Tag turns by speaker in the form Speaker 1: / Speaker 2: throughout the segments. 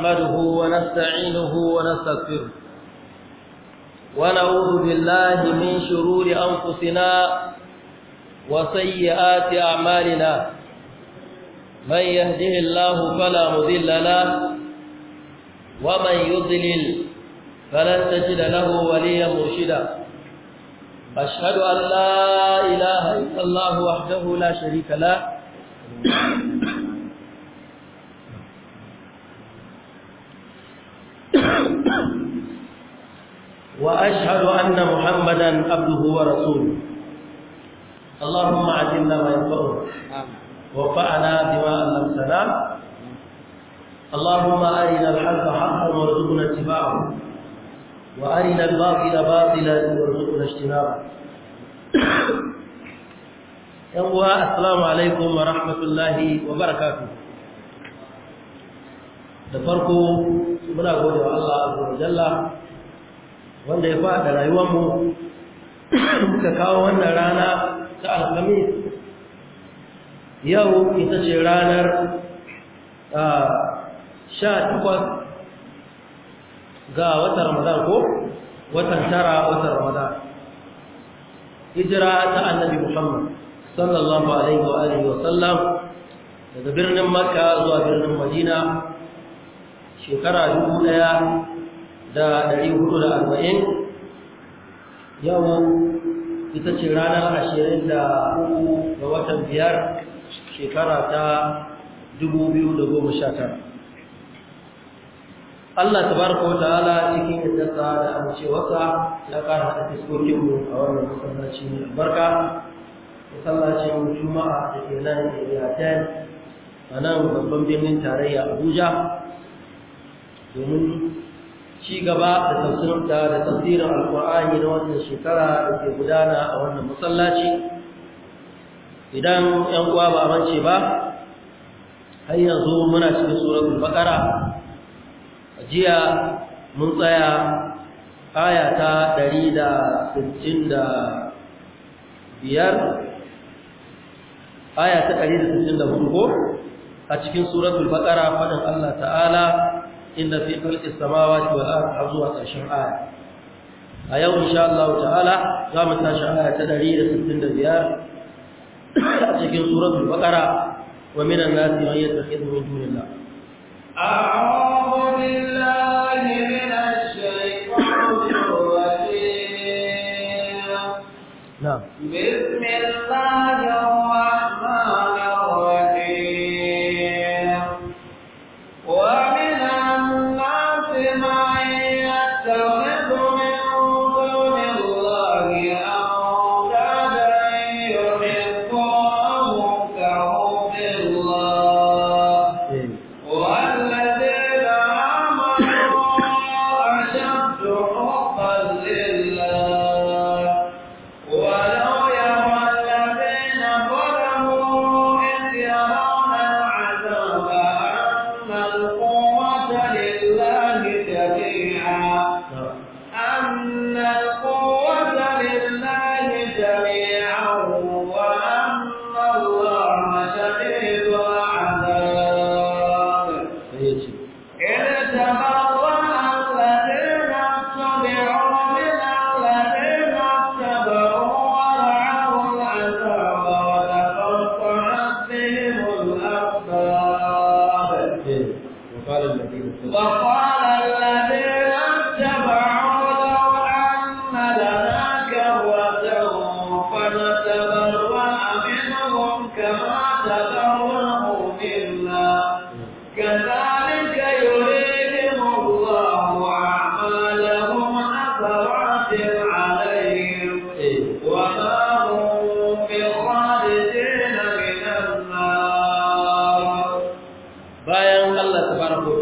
Speaker 1: نحمده ونستعينه ونستغفره ونعوذ بالله من شرور أنفسنا وسيئات أعمالنا من يهده الله فلا مذل له ومن يضلل فلن تجد له وليا مرشدا أشهد أن لا إله إلا الله وحده لا شريك له وأشهد أن محمدا عبده ورسوله اللهم علمنا ما ينفعنا وفعنا بما علمتنا اللهم أرنا الحق حقا وارزقنا اتباعه وأرنا الباطل باطلا وارزقنا اجتنابه يوم السلام عليكم ورحمة الله وبركاته da farko muna gode wa Allah azza wa jalla wanda ya faɗa rayuwarmu muka kawo wannan rana ta alhamis yau ita ce ranar sha takwas ga watan ramadan ko watan tara watan ramadan hijira ta annabi muhammad sallallahu alaihi wa alihi wa sallam daga birnin makka zuwa birnin madina shekara dubu ɗaya da ɗari hudu da arba'in ita ce ranar ashirin da uku ga watan biyar shekara ta dubu goma sha tara Allah tabaraka wa ta'ala cikin da amincewarsa ya ƙara haɗa a wannan masallaci mai albarka masallacin juma'a da ke nan area 10 a nan babban birnin tarayya abuja domin ci gaba da tafsirin da tafsirin alqur'ani na wannan shekara da ke gudana a wannan masallaci idan ƴan uwa ba mance ba har yanzu muna cikin suratul baqara jiya mun tsaya aya ta 165 aya ta 164 a cikin suratul baqara faɗin Allah ta'ala inna fi khalqis samawati wal ardi azwa karshen aya
Speaker 2: a yau insha Allah ta'ala za mu tashi aya ta
Speaker 1: 165 a cikin suratul baqara wa minan nasi man yattakhidhu min dunillah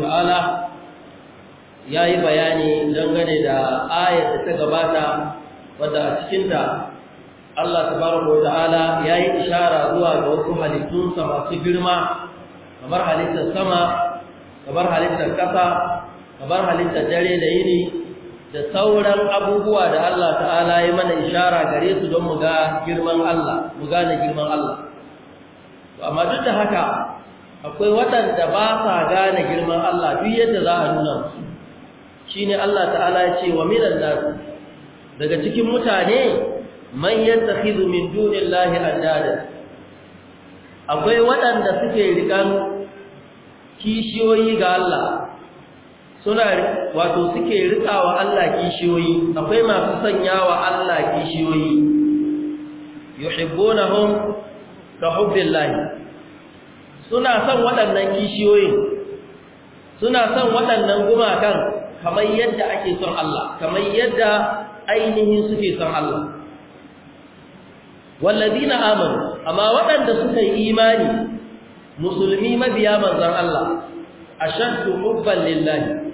Speaker 1: ta'ala ya yi bayani dangane da ayar da ta gabata wadda a cikinta Allah tabaraka wa ta'ala ya yi ishara zuwa ga wasu halittunsa masu girma kamar halittar sama kamar halittar ƙasa kamar halittar dare da yini da sauran abubuwa da Allah ta'ala ya mana ishara gare su don mu ga girman Allah gane girman Allah amma duk da haka akwai waɗanda ba sa gane girman Allah duk yadda za a nuna shi ne Allah ta'ala ya ce wa minan nas daga cikin mutane man yattakhidhu min dunillahi andada akwai waɗanda suke rikan kishiyoyi ga Allah suna wato suke rikawa Allah kishiyoyi akwai masu sanyawa Allah kishiyoyi yuhibbunahum ka hubbillahi suna son waɗannan kishiyoyin suna son waɗannan gumakan kamar yadda ake son Allah kamar yadda ainihin suke son Allah wallazina amanu amma waɗanda suka yi imani musulmi mabiya manzon Allah ashaddu hubban lillahi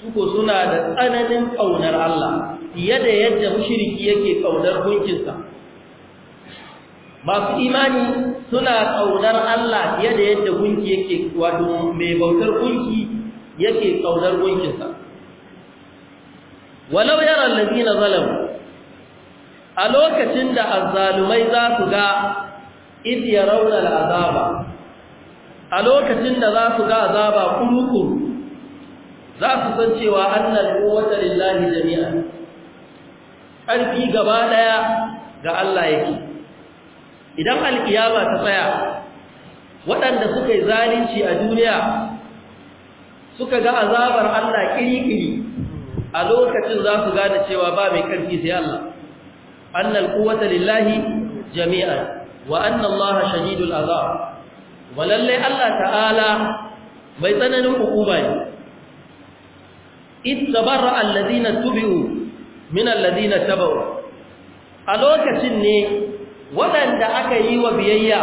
Speaker 1: suko suna da tsananin ƙaunar Allah fiye da yadda mushriki yake ƙaunar gunkinsa masu imani suna kaunar Allah fiye da yadda gunki yake wato mai bautar gunki yake kaunar gunkinsa walau yara allazina zalamu a lokacin da azzalumai za su ga id yarawna al'azaba a lokacin da za su ga azaba kuluku za su san cewa annal quwwata lillahi jami'an ƙarfi gaba daya ga Allah yake idan alkiyama ta tsaya waɗanda suka yi zalunci a duniya suka ga azabar Allah kiri-kiri a lokacin za su gane cewa ba mai karfi sai Allah annal quwwata lillahi jami'an wa anna Allah shadidul azab walalle Allah ta'ala mai tsananin hukuma ne Ita ittabarra alladhina tubi'u min alladhina tabu a lokacin ne waɗanda aka yi wa biyayya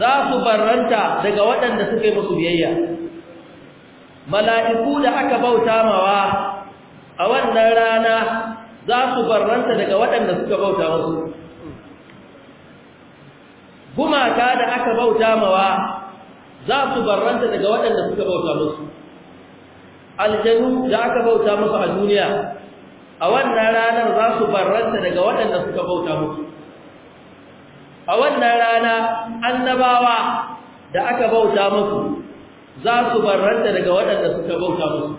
Speaker 1: za su barranta daga waɗanda suka yi musu biyayya mala'iku da aka bauta mawa a wannan rana za su barranta daga waɗanda suka bauta musu gumaka da aka bauta mawa za su barranta daga waɗanda suka bauta musu aljanu da aka bauta musu a duniya a wannan ranar za su barranta daga waɗanda suka bauta musu a wannan rana annabawa da aka bauta musu za su barranta daga waɗanda suka bauta musu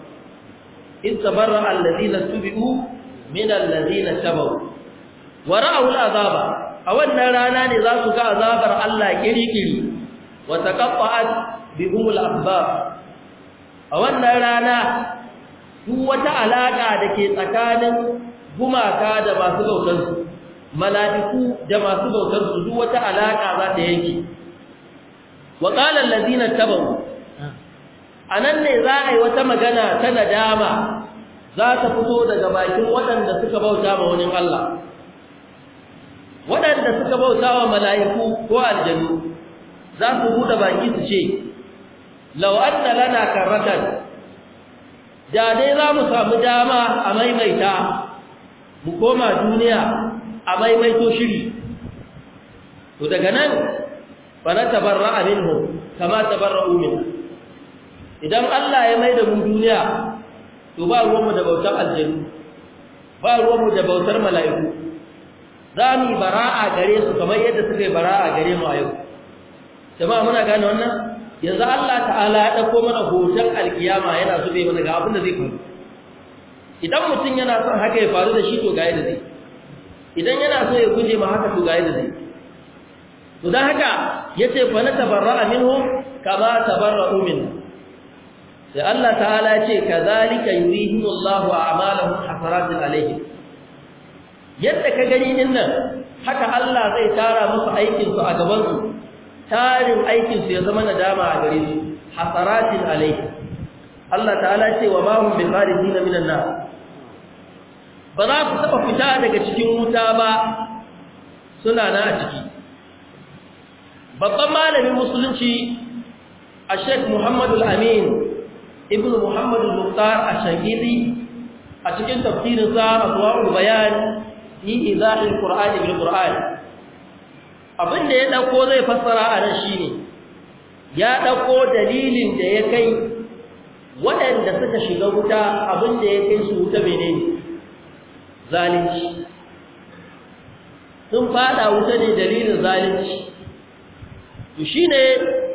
Speaker 1: in tabarra alladhina tubi'u min alladhina tabu wa ra'u al'azaba a wannan rana ne za su ga azabar Allah kirikiri wa taqatta'at bihum al'asbab a wannan rana duk wata alaka da ke tsakanin gumaka da masu bautansu mala'iku da masu bautar su wata alaka za ta yanke wa qala allazina tabu anan ne za a yi wata magana ta nadama za ta fito daga bakin waɗanda suka bauta ma wani Allah waɗanda suka bauta wa mala'iku ko aljannu za su buɗe baki su ce law anna lana karatan da dai za mu samu dama a maimaita mu koma duniya a maimaito shiri to daga nan fa na a minhu kama tabarra umin. idan Allah ya maida mu duniya to ba ruwanmu da bautar aljanu ba ruwanmu da bautar mala'iku za mu bara'a gare su kamar yadda suka yi bara'a gare mu a yau jama'a muna gane wannan yanzu Allah ta'ala ya dauko mana hoton alkiyama yana zube mana ga abin da zai faru idan mutum yana son haka ya faru da shi to ga yadda zai idan yana so ya guje ma haka to ga yadda zai to dan haka yace fa na tabarra'a minhu kama tabarra'u minna sai Allah ta'ala yace kazalika yurihimullahu a'malahum hasaratin alaihim yadda ka gani din nan haka Allah zai tara musu aikin su a gaban su tarin aikin su ya zama nadama a gare su hasaratin alaihim Allah ta'ala ce wa ma hum bi kharijin minan nar ba za su taɓa fita daga cikin wuta ba suna na a ciki babban malamin musulunci a sheik muhammadu al'amin ibn muhammadu muktar a shagidi a cikin tafsirin za a zuwa'ul bayan yi izahin ƙura'ani bil ƙura'ani abinda ya ɗauko zai fassara a nan shi ne ya ɗauko dalilin da ya kai waɗanda suka shiga wuta abinda ya kai su wuta menene ne zalunci sun fada wuta ne dalilin zalunci to shine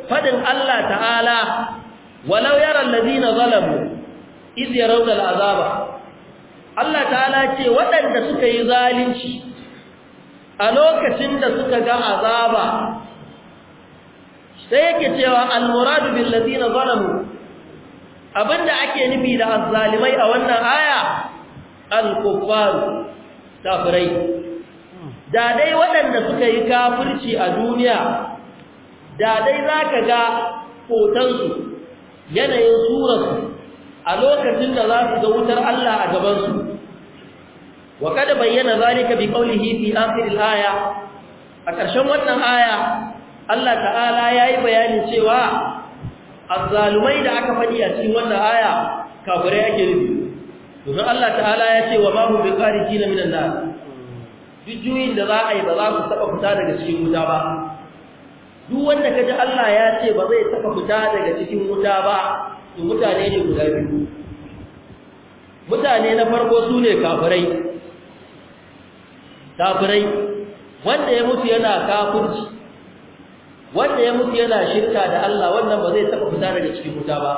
Speaker 1: fadin Allah ta'ala walau yara allazina zalamu iz yarawna al'azaba Allah ta'ala ce waɗanda suka yi zalunci a lokacin da suka ga azaba sai yake cewa al-muradu bil ladina zalamu abinda ake nufi da azzalimai a wannan aya al-kuffar kafirai da dai waɗanda suka yi kafirci a duniya da dai zaka ga hotonsu yanayin surarsu a lokacin da za su ga wutar Allah a gabansu wa kada bayyana zalika bi qawlihi fi akhir al-aya a ƙarshen wannan aya Allah ta'ala yayi bayanin cewa azzalumai da aka faɗi a cikin wannan aya kafirai ake nufi domin Allah ta'ala ya ce wa ma hum na minan nan duk juyin da za a yi ba za ku taba fita daga cikin wuta ba duk wanda ji Allah ya ce ba zai taba fita daga cikin wuta ba to mutane ne guda biyu mutane na farko su ne kafirai kafirai wanda ya mutu yana kafirci wanda ya mutu yana shirka da Allah wannan ba zai taba fita daga cikin wuta ba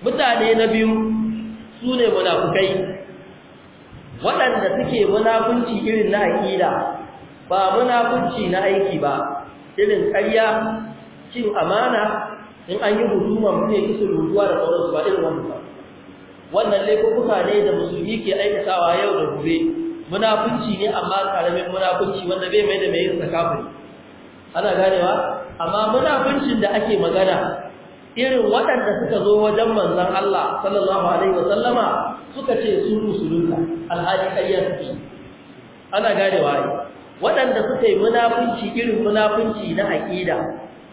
Speaker 1: mutane na biyu su ne munafukai waɗanda suke munafunci irin na aƙida ba munafunci na aiki ba irin ƙarya cin amana in an yi huduma ne kusur da sauransu ba irin wannan ba wannan kuka ne da musulmi ke aikatawa yau da gobe munafunci ne amma karamin munafunci wanda bai mai da mai yin ana ganewa amma munafuncin da ake magana irin waɗanda suka zo wajen manzon Allah sallallahu alaihi wasallama suka ce su musulunta alhaji ayyar su ana gane waye. waɗanda suka yi munafunci irin munafunci na aƙida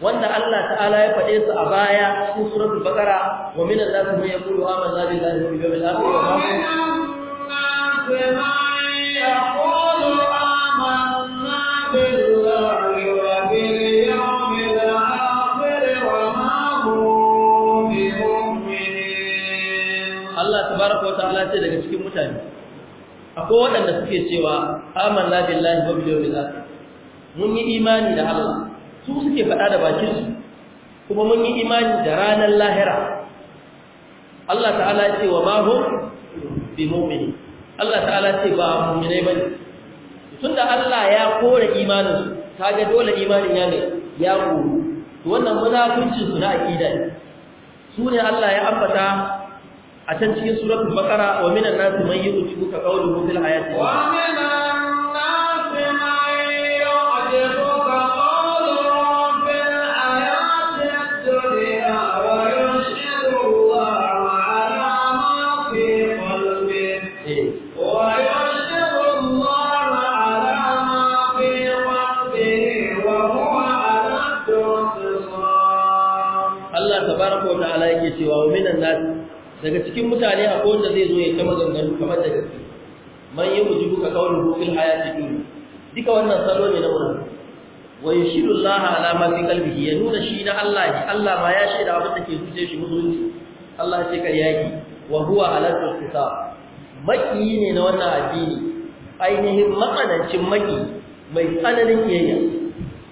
Speaker 1: wanda Allah ta'ala ya faɗe su a baya cikin suratul baqara wa minan nas man yaqulu amanna billahi wa bil yawmil akhir
Speaker 2: wa ma hum
Speaker 1: ta'ala ce daga cikin mutane akwai waɗanda suke cewa amanna billahi wa bil yawmil akhir mun yi imani da Allah su suke faɗa da bakin su kuma mun yi imani da ranar lahira Allah ta'ala ce wa ma hum bi mu'mini Allah ta'ala ce ba mu'minai bane tunda Allah ya kore imanin su kaga dole imanin ya ne ya koru to wannan munafincin su na aqida ne su ne Allah ya ambata a can cikin suratul baqara wa minan nasi man yu'tibuka qawluhu fil hayati wa minan daga cikin mutane a wanda zai zo ya ta maganganu kamar da gaske man yi wujubu ka kawai rufin haya ta cikin duka wannan salo ne na wurin wa yashiru Allah ala ma fi qalbihi ya nuna shi na Allah ne Allah ma ya shaida abin da ke zuciyar shi musulunci Allah ce kar yaki wa huwa ala al maki ne na wannan addini ainihin matsanancin maki mai tsananin kiyayya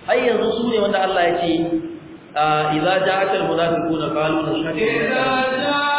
Speaker 1: har yanzu su ne wanda Allah ya ce ah, idza ja'aka al-munafiquna qalu nashhadu an la ilaha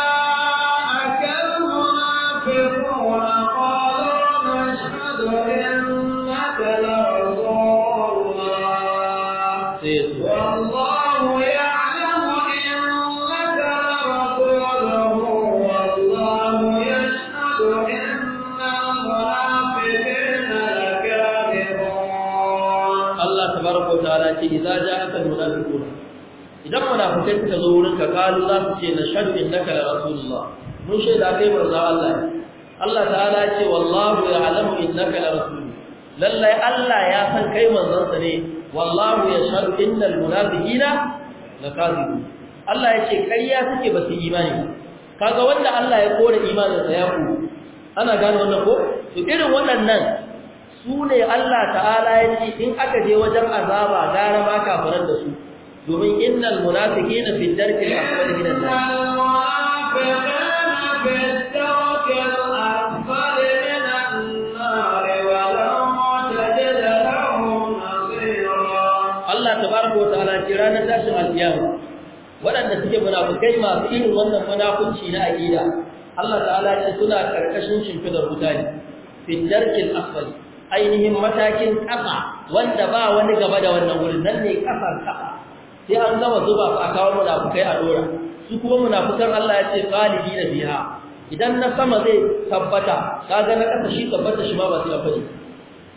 Speaker 1: sahabban sai suka zo wurin ka kalu za su ce na shaddu innaka la rasulullah mun shaida kai manzo Allah Allah ta'ala ce wallahu in innaka la rasul lallai Allah ya san kai manzon sa ne wallahu yashhadu innal na lakazibun Allah ya ce ƙarya suke ba su imani kaga wanda Allah ya kore imanin sa ya ku ana gane wannan ko to irin waɗannan su ne Allah ta'ala ya ce in aka je wajen azaba gara ma kafiran da su domin innal munafiqina fi darkil asfali minan nar
Speaker 2: tabaraka wataala ce ranar tashin
Speaker 1: alkiyama waɗanda suke munafukai masu irin wannan munafunci na aqida Allah ta'ala ce suna karkashin shimfidar wuta ne fi ainihin matakin ƙasa wanda ba wani gaba da wannan wurin nan ne ƙasar ƙasa sai an gama zuba su a kawo munafukai a dora su kuma munafukan Allah ya ce kalibi na biya. idan na sama zai tabbata ga na kasa shi tabbata shi ma ba sai tabbata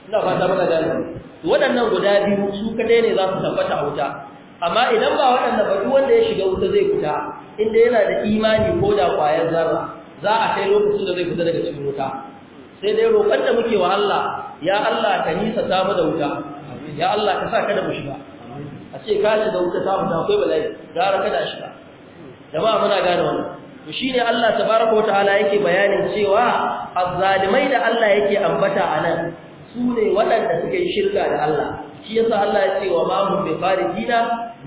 Speaker 1: ina fata maka gani waɗannan guda biyu su kadai ne za su tabbata a wuta amma idan ba waɗannan ba duk wanda ya shiga wuta zai fita inda yana da imani ko da ƙwayar zarra za a kai lokacin da zai fita daga cikin wuta sai dai roƙon da muke wa Allah ya Allah ka nisa ta da wuta ya Allah ka sa ka da mu shiga a ce ka shiga wuta ta fita akwai bala'i gara kada shiga jama'a muna gane wannan to shine Allah tabaraka wa ta'ala yake bayanin cewa azzalimai da Allah yake ambata anan sune waɗanda suka suke shirka da Allah shi yasa Allah ya ce wa ma hum bi farijina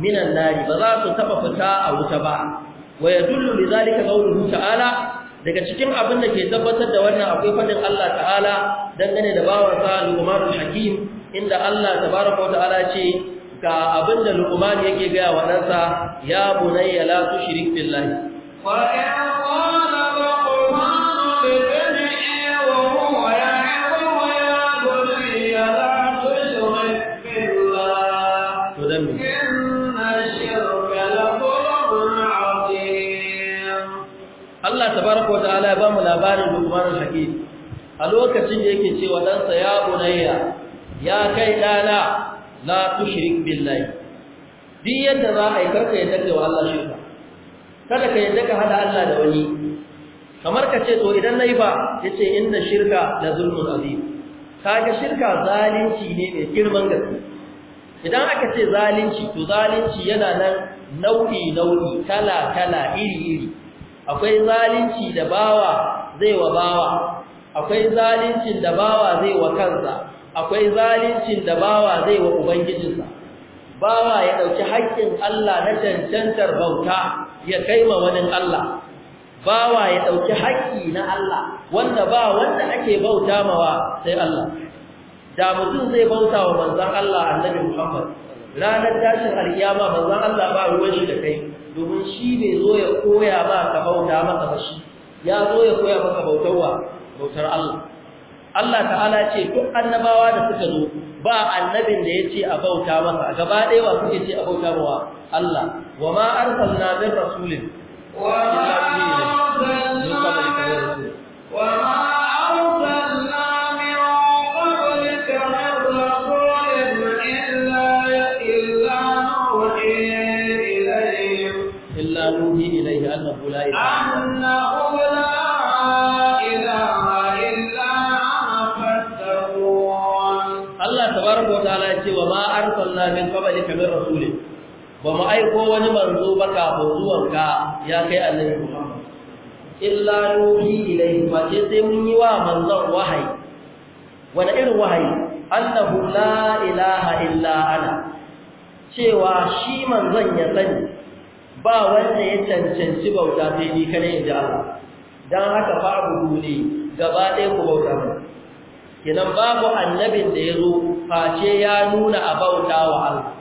Speaker 1: minan nari ba za su taba fita a wuta ba wa yadullu zalika qawluhu ta'ala daga cikin abin da ke tabbatar da wannan akwai fadin Allah ta'ala dangane da bawansa Luqmanul Hakim inda Allah tabaraka wa ta'ala ce ka abinda luqman yake gaya wa ɗansa ya bunayya la tushrik billahi
Speaker 2: wa ya qala luqman li banihi wa huwa ya'qub ya bunayya la tushrik billahi to dan me inna shirka la dhulmun 'azim Allah tabaraka wa ta'ala ya ba mu labarin
Speaker 1: luqman al-hakim a lokacin da yake cewa ɗansa ya bunayya ya kai ɗana la tushrik billahi duk yadda za a yi karka yadda wa Allah shirka kada ka yadda ka hada Allah da wani kamar ka ce to idan nayi ba yace inna shirka la zulmun azim kaga shirka zalunci ne mai girman gaske idan aka ce zalunci to zalunci yana nan nau'i nau'i kala kala iri iri akwai zalunci da bawa zai wa bawa akwai zaluncin da bawa zai wa kansa akwai zalincin da bawa zai wa ubangijinsa bawa ya dauki haƙƙin Allah na cancantar bauta ya kaima wani Allah bawa ya dauki haƙƙi na Allah wanda ba wanda ake bauta mawa sai Allah da mutum zai bauta wa manzon Allah annabi Muhammad ranar tashin alkiyama manzon Allah ba ruwan shi da kai domin shi bai zo ya koya ba ka bauta masa ba shi ya zo ya koya maka bautarwa bautar Allah Allah ta'ala ce duk annabawa da suka zo ba annabin da yace a bauta masa gaba ɗaya wa suke ce a bautarwa, Allah wa
Speaker 2: ma arsalna min rasulin wa ma arsalna rasulin wa ma
Speaker 1: Ko wani manzo ba kafin ka ya kai annabi Muhammad illa nuhi ilayhi fa ce sai mun yi wa manzon wahayi wani irin wahai annahu la ilaha illa ana cewa shi manzon ya sani ba wanda ya cancanci bauta sai ni kare ji Allah dan haka fa abu ne gaba ɗaya ku bauta mu kenan babu annabin da ya zo face ya nuna a bauta wa Allah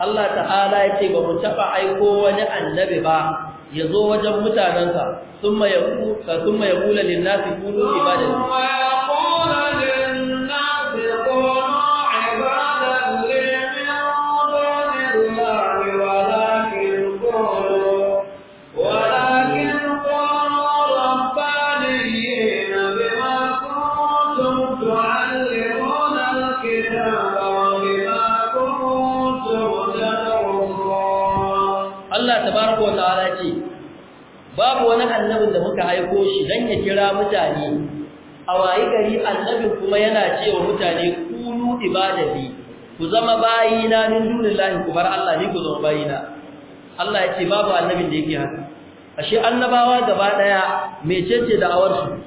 Speaker 1: Allah ta'ala ya ce ba mu taɓa aiko wani annabi ba ya zo wajen mutanensa sun ma ya kula linnasi kunu aiko shi dan ya kira mutane a wayi gari annabi kuma yana cewa mutane kunu ibadati ku zama na min dunillahi ku bar Allah ni ku zama na. Allah ya ce babu annabin da yake haka ashe annabawa gaba daya mecece da'awar su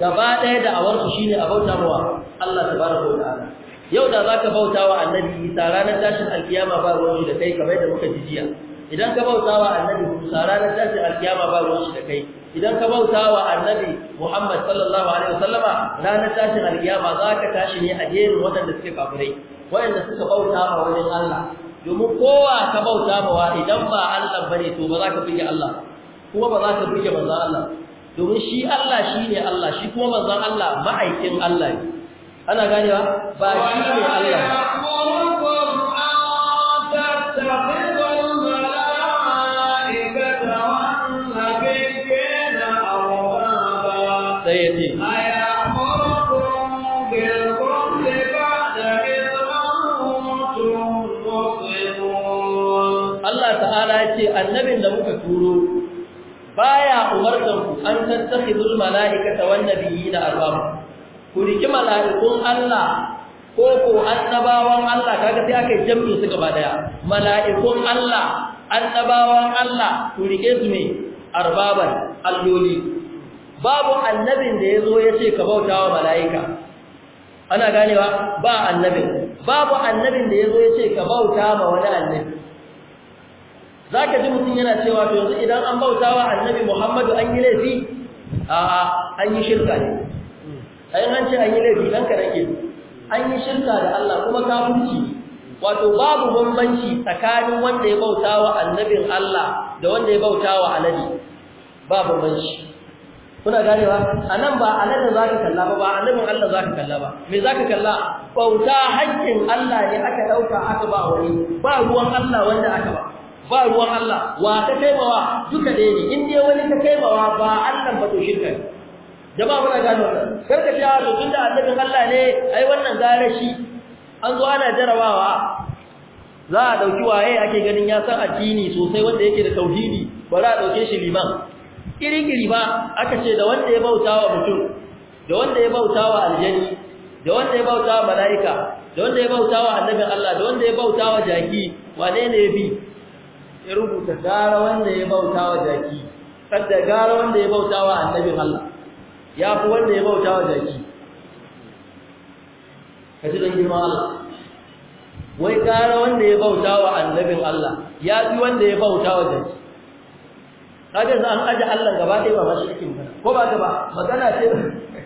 Speaker 1: gaba daya da'awar su shine a bauta wa Allah tabaraka wa ta'ala yau da zaka bauta wa annabi tsara na tashin alkiyama ba ruwan da kai kamar da muka jiya idan ka bauta wa annabi tsara na tashin alkiyama ba ruwan da kai idan ka bauta wa annabi Muhammad sallallahu alaihi wasallama ranar tashin alkiyama za ka tashi ne a jerin waɗanda suke kafirai waɗanda suka bauta ma wajen Allah domin kowa ka bauta wa idan ba Allah bane to ba za ka buge Allah kuma ba za ka buge manzon Allah domin shi Allah shine Allah shi kuma manzon Allah ma'aikin Allah ne ana ganewa ba shi ne Allah baya umartar ku an tattakhidul malaikata wan nabiyina arbaba ku riki malaikun Allah ko ko annabawan Allah kaga sai aka jami'i su gaba daya malaikun Allah annabawan Allah ku rike su ne arbaban alloli babu annabin da yazo yace ka bautawa malaika ana ganewa ba annabin babu annabin da yazo yace ka bauta ma wani annabi za ka ji mutum yana cewa to yanzu idan an bauta wa annabi muhammadu an yi laifi a'a an yi shirka ne ayin an ce an yi laifi ɗan ka nake an yi shirka da allah kuma kafirci wato babu bambanci tsakanin wanda ya bauta wa annabin allah da wanda ya bauta wa alade ba bambanci kuna ganewa a nan ba aladen za ka kalla ba ba annabin allah za ka kalla ba me za ka kalla bauta hankin allah ne aka ɗauka aka ba wani ba ruwan allah wanda aka ba ba ruwan Allah wa ta kaimawa duka ɗaya ne in dai wani ta kaimawa ba Allah ba to shirka jama'a muna gano kar ka sha ah, to tunda annabin Allah ne ai wannan garashi an zo ana jarabawa za a dauki waye ake ganin ya san addini sosai wanda yake da tauhidi ba za a dauke shi liman iri ba aka ce da wanda ya bauta wa mutum da wanda ya bauta wa aljanni da wanda ya bauta wa malaika da wanda ya bauta wa annabin Allah da wanda ya bauta wa jaki wane ne ya bi ya rubuta gara wanda ya bauta wa jaki kada gara wanda ya bauta wa annabin Allah ya fi wanda ya bauta wa jaki ka ji don girma Allah wai gara wanda ya bauta wa annabin Allah ya fi wanda ya bauta wa jaki kaga za an aje Allah gaba ɗaya ba shi cikin ko ba ba, magana ce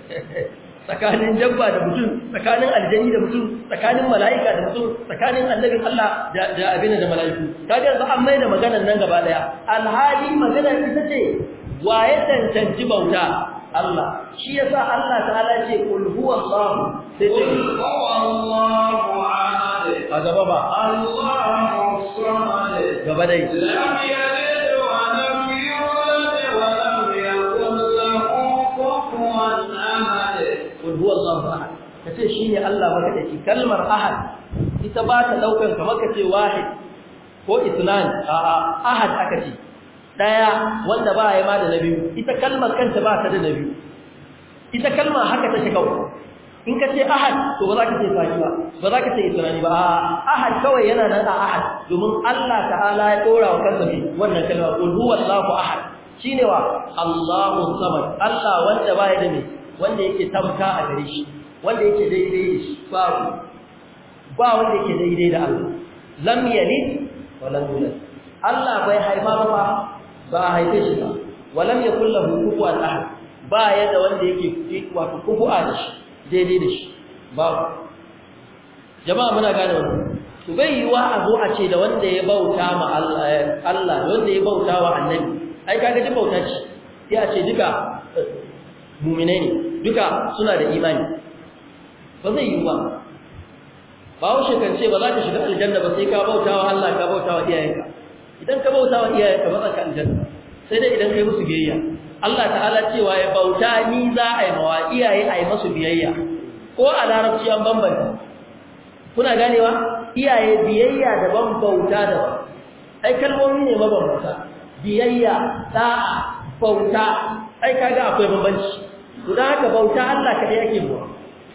Speaker 1: tsakanin dabba da mutum tsakanin aljani da mutum tsakanin mala'ika da mutum tsakanin annabin Allah da abin da mala'iku kaga yanzu an maida maganar nan gaba daya alhali maganar ita ce waye tantance bauta Allah shi yasa Allah ta'ala ce kul Allah sai ce
Speaker 2: huwallahu ahad a ba Allahu samad gaba dai lam yalid
Speaker 1: huwa Allahu ahad kace shine Allah madaukaki kalmar ahad ita ba ta daukan kamar kace wahid ko isnan a'a ahad aka ce daya wanda ba ya ma da nabi ita kalmar kanta ba ta da nabi ita kalma haka take kawai in ka ce ahad to ba za ka ce saki ba ba za ka ce israni ba ahad kawai yana nan a ahad domin Allah ta'ala ya dora wa kansa ne wannan kalma qul huwallahu ahad shine wa Allahu samad Allah wanda baya da ne wanda yake tamka a gare shi wanda yake daidai da shi babu ba wanda yake daidai da Allah lam yalid wa lam yulad Allah bai haifa ba ba haife shi ba wa lam yakul lahu kufuwan ahad ba ya da wanda yake wato kufuwa da shi daidai da shi babu jama'a muna gane wannan to bai yi wa zo a ce da wanda ya bauta ma eh, Allah da wanda ya bauta wa annabi ai kaga duk bauta ce sai a ce duka eh, mu'minai ne duka suna da imani ba zai yi ba bawo shekance ba za ka shiga aljanna ba sai ka bautawa Allah ka bautawa iyayenka idan ka bautawa iyayenka ba za ka aljanna sai dai idan kai musu biyayya Allah ta'ala cewa ya bauta ni za a yi mawa iyaye a yi masu biyayya ko a larabci an bambanta kuna ganewa iyaye biyayya daban bauta daban ai kalmomi ne mabambanta biyayya da bauta ai kaga akwai bambanci to da haka bauta Allah kaɗai ake yi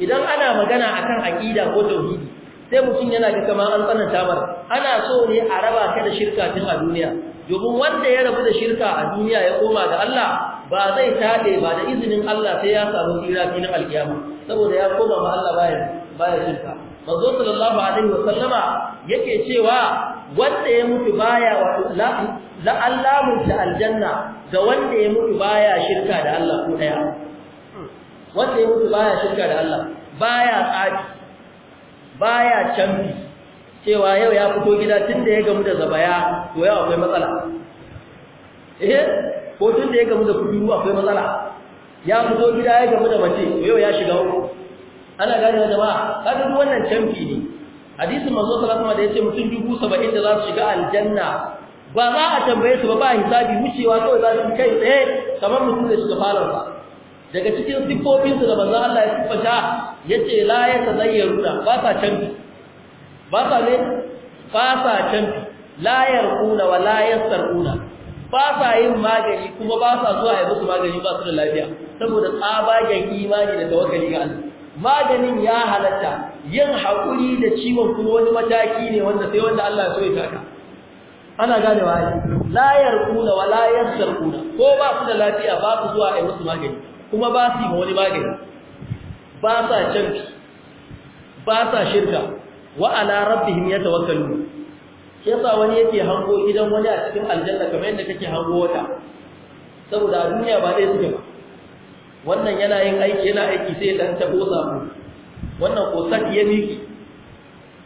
Speaker 1: idan ana magana a kan aƙida ko tauhidi sai mutum yana ga kamar an tsananta mar ana so ne a raba ka da shirka tun a duniya domin wanda ya rabu da shirka a duniya ya koma ga Allah ba zai tade ba da izinin Allah sai ya samu tsira filin alkiyama saboda ya koma ma Allah baya baya shirka manzo sallallahu alaihi wa sallama yake cewa wanda ya mutu baya wa la la aljanna ga wanda ya mutu baya shirka da Allah ko daya wanda ya mutu baya shirka da Allah baya tsaki baya canfi cewa yau ya fito gida tun da ya gamu da zabaya to yau akwai matsala eh ko tun da ya gamu da kuduru akwai matsala ya fito gida ya gamu da mace to yau ya shiga uku ana gane da jama'a kaga duk wannan canfi ne hadisi manzo sallallahu alaihi wasallam da yace mutum 70 da za su shiga aljanna ba za a tambaye su ba ba hisabi wucewa kawai za su kai tsaye kamar mutum da shiga falon daga cikin siffofinsu da manzo Allah ya siffata yace ta zayyar ruda ba sa canfi ba sa ne ba sa canfi Layar yarquna wa layar yasarquna ba sa yin magani kuma ba sa zuwa ya musu magani ba su da lafiya saboda tsabagen imani da tawakkali ga Allah maganin ya halatta yin haƙuri da ciwon kuma wani mataki ne wanda sai wanda Allah ya so ya taka ana gane wa Layar yarquna wa layar yasarquna ko ba su da lafiya ba su zuwa ya musu magani kuma ba su yi wani magani ba sa canfi ba sa shirka wa ala rabbihim yatawakkalun yasa wani yake hango idan wani a cikin aljanna kamar yadda kake hango wata saboda a duniya ba dai suke ba wannan yana yin aiki yana aiki sai dan tabo sabo wannan ko sak ya miki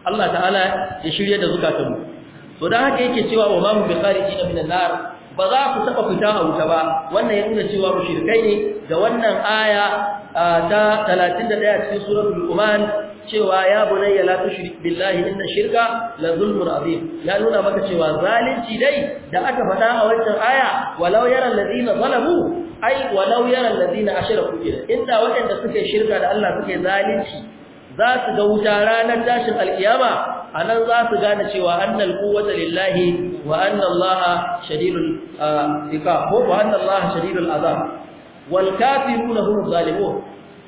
Speaker 1: Allah ta'ala ya shirye da zukatanmu to dan haka yake cewa wa ma mu bi kharijina minan nar ba za ku taɓa fita a wuta ba wannan ya nuna cewa mushrikai ne da wannan aya ta 31 cikin suratul Luqman cewa ya bunayya la tushrik billahi inna shirka la zulmun azim ya nuna maka cewa zalunci dai da aka faɗa a wancan aya walau yara allazina zalamu ai walau yara allazina ashraku inda waɗanda suke shirka da Allah suke zalunci za su ga wuta ranar tashin alkiyama anan za su gane cewa annal quwwata lillahi wa anna allaha shadidul ah, iqab ko wa anna allaha shadidul azab wal kafiruna hum zalimun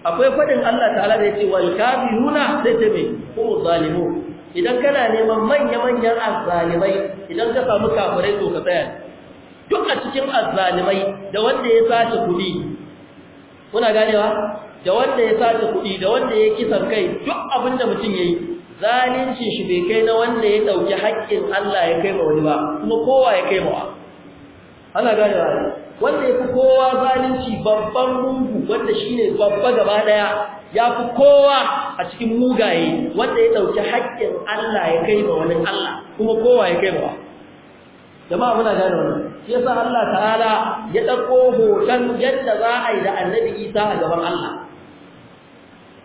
Speaker 1: akwai fadin Allah ta'ala da yace wal kafiruna sai ta me hum zalimun idan kana neman manya-manyan azzalimai idan ka samu kafirai to ka tsaya duk a cikin azzalimai da wanda ya sace kuɗi kuna ganewa da wanda ya sace kuɗi da wanda ya kisan kai duk abin da mutum yayi zalunci shi bai kai na wanda ya dauki haƙƙin Allah ya kai ma wani ba kuma kowa ya kai mawa ana gane ba wanda ya fi kowa zalunci babban mungu, wanda shine babba gaba daya ya fi kowa a cikin mugaye wanda ya dauki haƙƙin Allah ya kai ma wani Allah kuma kowa ya kai mawa jama'a muna gane wannan shi yasa Allah ta'ala ya dauko hoton yadda za a yi da Annabi Isa a gaban Allah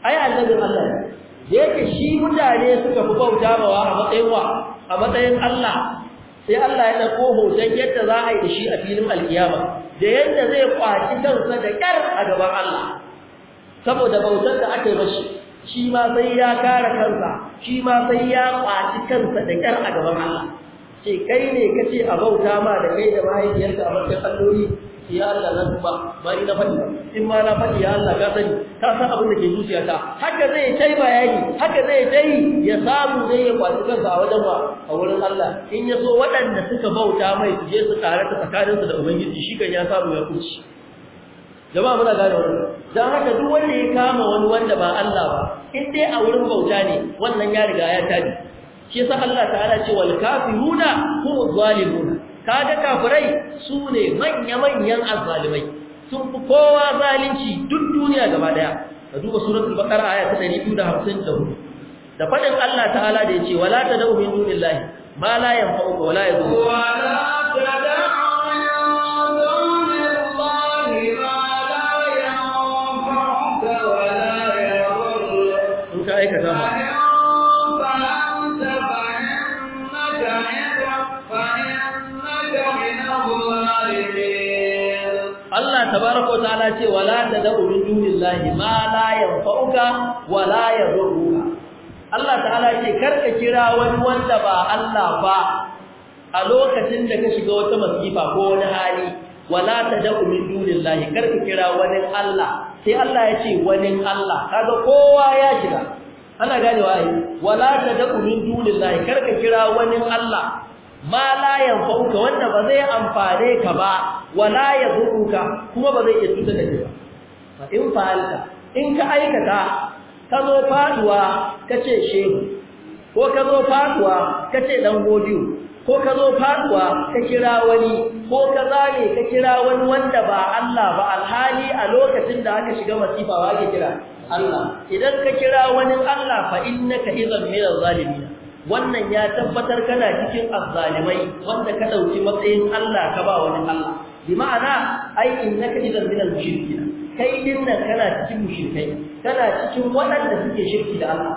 Speaker 1: ai annabin Allah da yake shi mutane suka fi bauta mawa a matsayin wa a matsayin Allah sai Allah ya dauko hoton yadda za a yi da shi a filin alkiyama da yadda zai kwaci kansa da kyar a gaban Allah saboda bautar da aka yi mashi shi ma sai ya kare kansa shi ma sai ya kwaci kansa da kyar a gaban Allah ce kai ne kace a bauta ma da kai da mahaifiyarka a matsayin alloli ya Allah na tuba ba ni na faɗi in ma na faɗi ya Allah ka sani ka san abin da ke zuciyata haka zai tai bayani haka zai tai ya samu zai ya kwaci kansa a wajen ba a wurin Allah in ya so waɗanda suka bauta mai su je su tare ta tsakaninsu da ubangiji shi kan ya samu ya kuci jama'a muna gane wannan dan haka duk wanda ya kama wani wanda ba Allah ba in dai a wurin bauta ne wannan ya riga ya tabi shi yasa Allah ta'ala ce wal kafiruna hum zalimun kaga kafirai su ne manya-manyan azzalimai sun fi kowa zalunci duk duniya gaba daya ka duba suratul baqara aya ta 254 da fadin Allah ta'ala da yace wala tad'u min dunillahi ma la yanfa'uka wala yadurruka
Speaker 2: wala tabaraka wa ta'ala ce wala tad'u
Speaker 1: min dunillahi ma la yanfa'uka wa la yadurruka
Speaker 2: Allah ta'ala ce
Speaker 1: karka kira wani wanda ba Allah ba a lokacin da ka shiga wata masifa ko wani hali wala tad'u min dunillahi karka kira wani Allah sai Allah ya ce wani Allah kaga kowa ya shiga ana gane ai wala tad'u min dunillahi karka kira wani Allah ma la yanfa'uka wanda ba zai amfane ka ba wala yadhuruka kuma ba zai iya da kai ba fa in fa'alta in ka aikata ka zo faduwa kace shehu ko ka zo faduwa kace dan godiyo ko ka zo faduwa ka kira wani ko ka zame ka kira wani wanda ba Allah ba alhali a lokacin da aka shiga masifa wa ake kira Allah idan ka kira wani Allah fa innaka idan min zalimin wannan ya tabbatar kana cikin azzalimai wanda ka dauki matsayin Allah ka ba wani Allah bi ma'ana ai innaka idan minal mushrikin kai dinnan kana cikin mushrikai kana cikin waɗanda suke shirki da Allah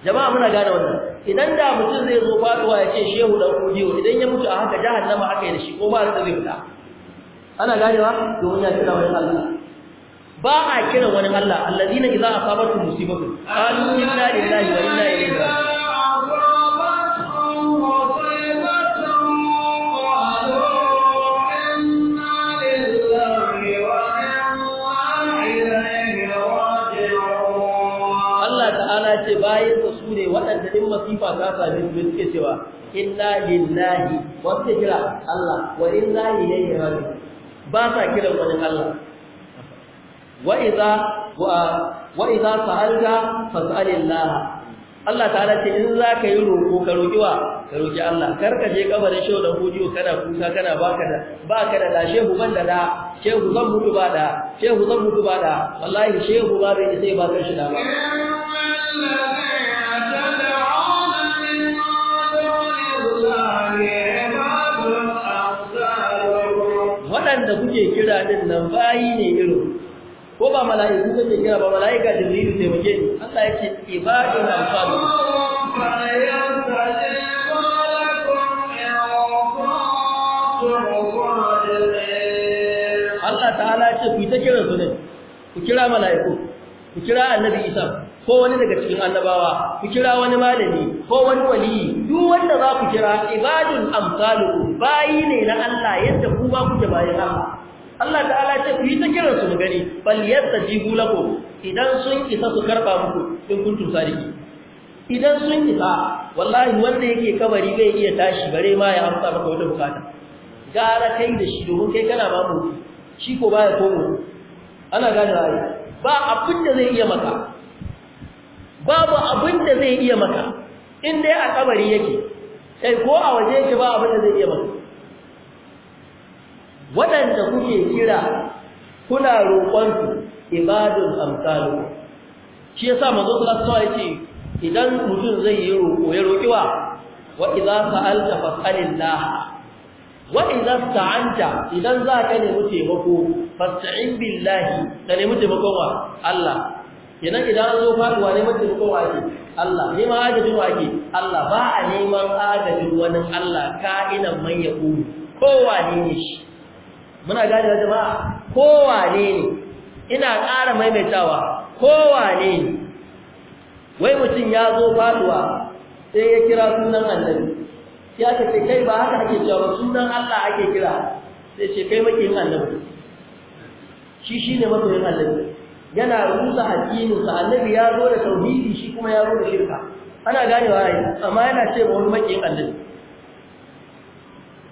Speaker 1: jama'a muna gane wannan idan da mutum zai zo faduwa ya ce shehu dan kudiyo idan ya mutu a haka jahannama yi da shi ko ba da zai fita ana ganewa domin ya kira wani Allah ba a kira wani Allah allazina idza asabatu musibatu qalu inna lillahi wa inna ilaihi raji'un musiba ta sami biyu suke cewa inna lillahi wa suke kira Allah wa inna ilaihi raji'un ba sa kiran wani Allah wa idza wa idza sa'alta fas'alillah Allah ta'ala ce in za ka yi roƙo ka roƙi wa ka roƙi Allah kar ka je kabarin shau da hujiyo kana kusa kana baka da baka da shehu ban da da shehu zan mutu ba da shehu zan mutu ba da wallahi shehu ba bai sai ba kan shi da ba suke kira din nan bayi ne irin ko ba mala'iku suke kira ba mala'ika jibrilu taimake ni Allah yake ibadun amsalu Allah ta'ala ce ku ta kira su ne ku kira mala'iku ku kira annabi Isa ko wani daga cikin annabawa ku kira wani malami ko wani waliyi duk wanda za ku kira ibadun amsalu bayi ne na Allah yadda ku ba kuke bayan Allah Allah ta'ala ce ku yi ta kiran su gani bal yastajibu lakum idan sun isa su karba muku in kuntum sadiki idan sun isa wallahi wanda yake kabari bai iya tashi bare ma ya amsa maka wata bukata gara kai da shi domin kai kana mu shi ko baya komo ana gane ra'ayi ba abin da zai iya maka babu abin da zai iya maka in dai a kabari yake kai ko a waje yake ba abin da zai iya maka waɗanda kuke kira kuna roƙonsu ibadun amsalu shi yasa manzo sallallahu alaihi wasallam yace idan mutum zai yi roƙo ya roƙi wa wa idza sa'alta fas'alillah wa idza sta'anta idan za ka nemi taimako fasta'in billahi ka nemi taimako wa Allah Idan idan an zo faduwa neman taimako wa ake Allah neman agajin wa ke. Allah ba a neman agajin wani Allah ka'inan man ya kowa ne shi muna gane da jama'a wane ne ina ƙara maimaitawa wane ne wai mutum ya zo faduwa sai ya kira sunan annabi Ya ce ce kai ba haka ake cewa sunan Allah ake kira sai ce kai yin annabi shi shine yin annabi yana rusa addinin sa annabi ya zo da tauhidi shi kuma ya zo da shirka ana ganewa yi. amma yana ce ba wani yin annabi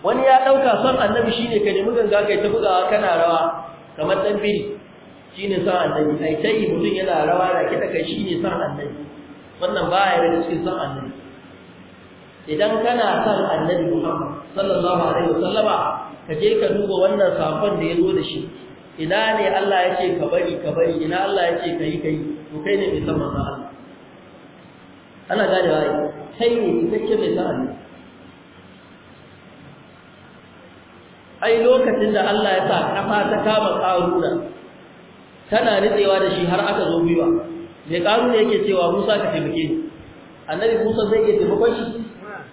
Speaker 1: wani ya dauka son annabi shine ka nemi ganga kai ta bugawa kana rawa kamar dan biri shine son annabi ai sai mutum yana rawa da kita kai shine son annabi wannan ba baya daga cikin son annabi idan kana son annabi Muhammad sallallahu alaihi wasallama ka je ka duba wannan safon da ya zo da shi ina ne Allah ya ka bari ka bari ina Allah ya ce ka yi to kai ne mai san manzon Allah ana gane wai kai ne cikakken mai san Allah ai lokacin da Allah ya sa kafa ta kama karuna tana nitsewa da shi har aka zo biwa me karuna yake cewa Musa ka taimake ni annabi Musa zai iya taimakon shi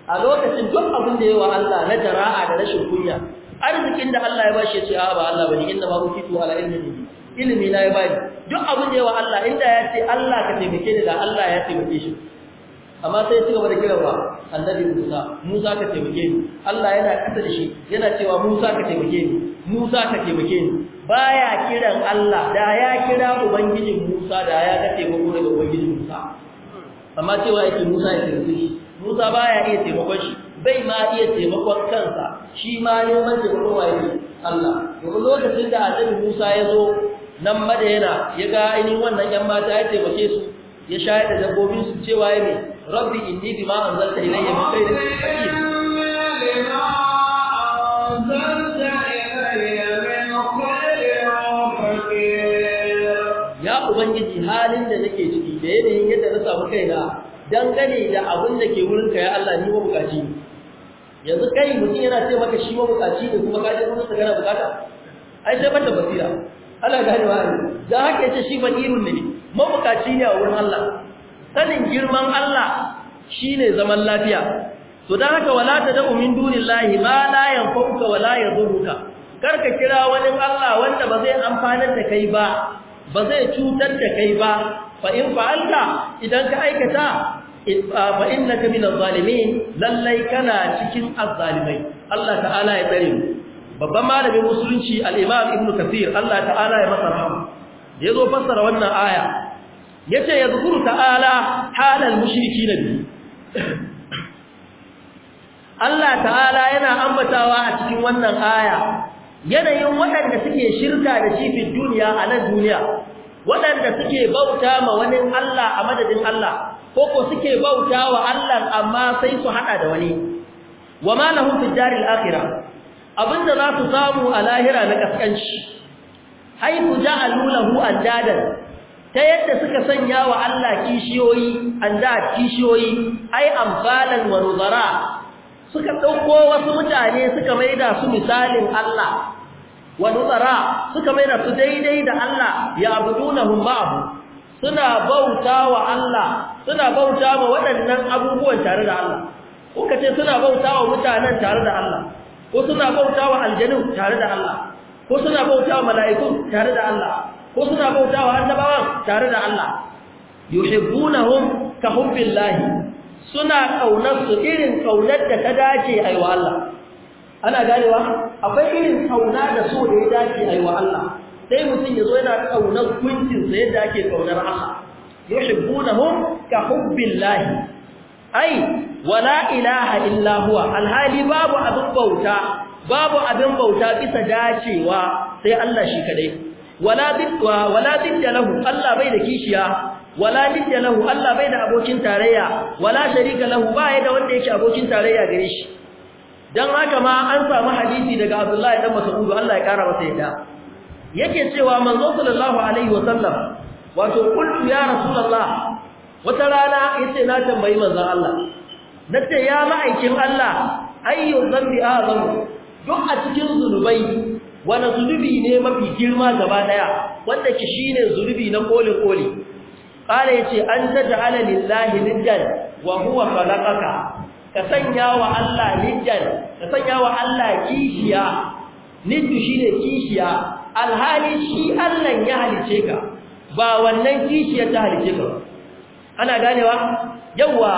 Speaker 1: a lokacin duk abin da yawa Allah na jara'a da rashin kunya arzikin da Allah ya bashi ya ce a ba Allah bane inna ma utitu ala ilmi ilmi na ya bani duk abin da yawa Allah inda ya ce Allah ka taimake ni da Allah ya taimake shi amma sai su gaba da kiran wa annabi Musa Musa ka taimake ni Allah yana kasa da shi yana cewa Musa ka taimake ni Musa ka taimake ni baya kiran Allah da ya kira ubangiji Musa da ya ka taimako daga ubangiji Musa amma cewa yake Musa ya taimake shi Musa baya iya taimakon shi bai ma iya taimakon kansa shi ma neman taimakon wa yake Allah to lokacin da annabi Musa ya zo nan madaina ya ga ainihin wannan yan mata ya taimake su ya shayar da dabbobin su cewa yayi ne rabbi إني بما أنزلت إلي من خير faqir ya halin da nake ciki da yanayin yadda na samu dangane da abin da ke wurinka ya Allah ni mabukaci yanzu kai mutum ce maka shi mabukaci ne kuma ka kana ai sai banda basira Allah gane da haka yace shi ne mabukaci ne a wurin Allah sanin girman Allah shine zaman lafiya to dan haka wala tad'u min dunillahi ma la yanfa'uka wa la yadhurruka karka kira wani Allah wanda ba zai amfanar da kai ba ba zai cutar da kai ba fa in fa'alta idan ka aikata fa innaka minaz zalimin lallai kana cikin azzalimai Allah ta'ala ya tsare mu babban malamin musulunci al-imam ibnu kathir Allah ta'ala ya masa rahama yazo fassara wannan aya yace yazkuru ta'ala halal mushrikina bi Allah ta'ala yana ambatawa a cikin wannan aya yanayin waɗanda suke shirka da shi fi duniya a nan duniya waɗanda suke bauta ma wani Allah a madadin Allah ko ko suke bauta wa Allah amma sai su hada da wani wa ma lahum fi daril akhirah abinda za su samu a lahira na kaskanci haifu ja'alu lahu addadan ta yadda suka sanya wa Allah kishiyoyi an da kishiyoyi ai amfalan wa nuzara suka dauko wasu mutane suka maida su misalin Allah wa nuzara suka maida su daidai da Allah ya abudunahum ba'hu suna bauta wa Allah suna bauta wa waɗannan abubuwan tare da Allah ko kace suna bauta wa mutanen tare da Allah ko suna bauta wa aljanu tare da Allah ko suna bauta wa mala'iku tare da Allah ko suna bautawa annabawan tare da Allah yuhibbunahum ka hubbillahi suna kaunar su irin kaunar da ta dace aiwa Allah ana ganewa akwai irin kauna da so da ya dace aiwa Allah sai mutum ya zo yana kaunar kuncin sa yadda ake kaunar Allah yuhibbunahum ka hubbillahi ai wala ilaha illa huwa alhali babu abin bauta babu abin bauta bisa dacewa sai Allah shi kadai wala didwa wala didda lahu Allah bai da kishiya wala da lahu Allah bai da abokin tarayya wala sharika lahu ba ya da wanda yake abokin tarayya gare shi dan haka ma an samu hadisi daga Abdullahi dan Mas'ud Allah ya kara masa yadda yake cewa manzo sallallahu alaihi wa sallam wato qultu ya rasulullah wata rana yace na tambayi manzo Allah nace ya ma'aikin Allah ayyu dhanbi azam duk a cikin zunubai wani zunubi ne mafi girma gaba daya wanda ki shine zunubi na koli koli kala yace an taj'ala lillahi niddan wa huwa khalaqaka ka sanya wa Allah niddan ka sanya wa Allah kishiya shi ne kishiya alhali shi Allah ya halice ka ba wannan kishiya ta halice ka ana ganewa yawa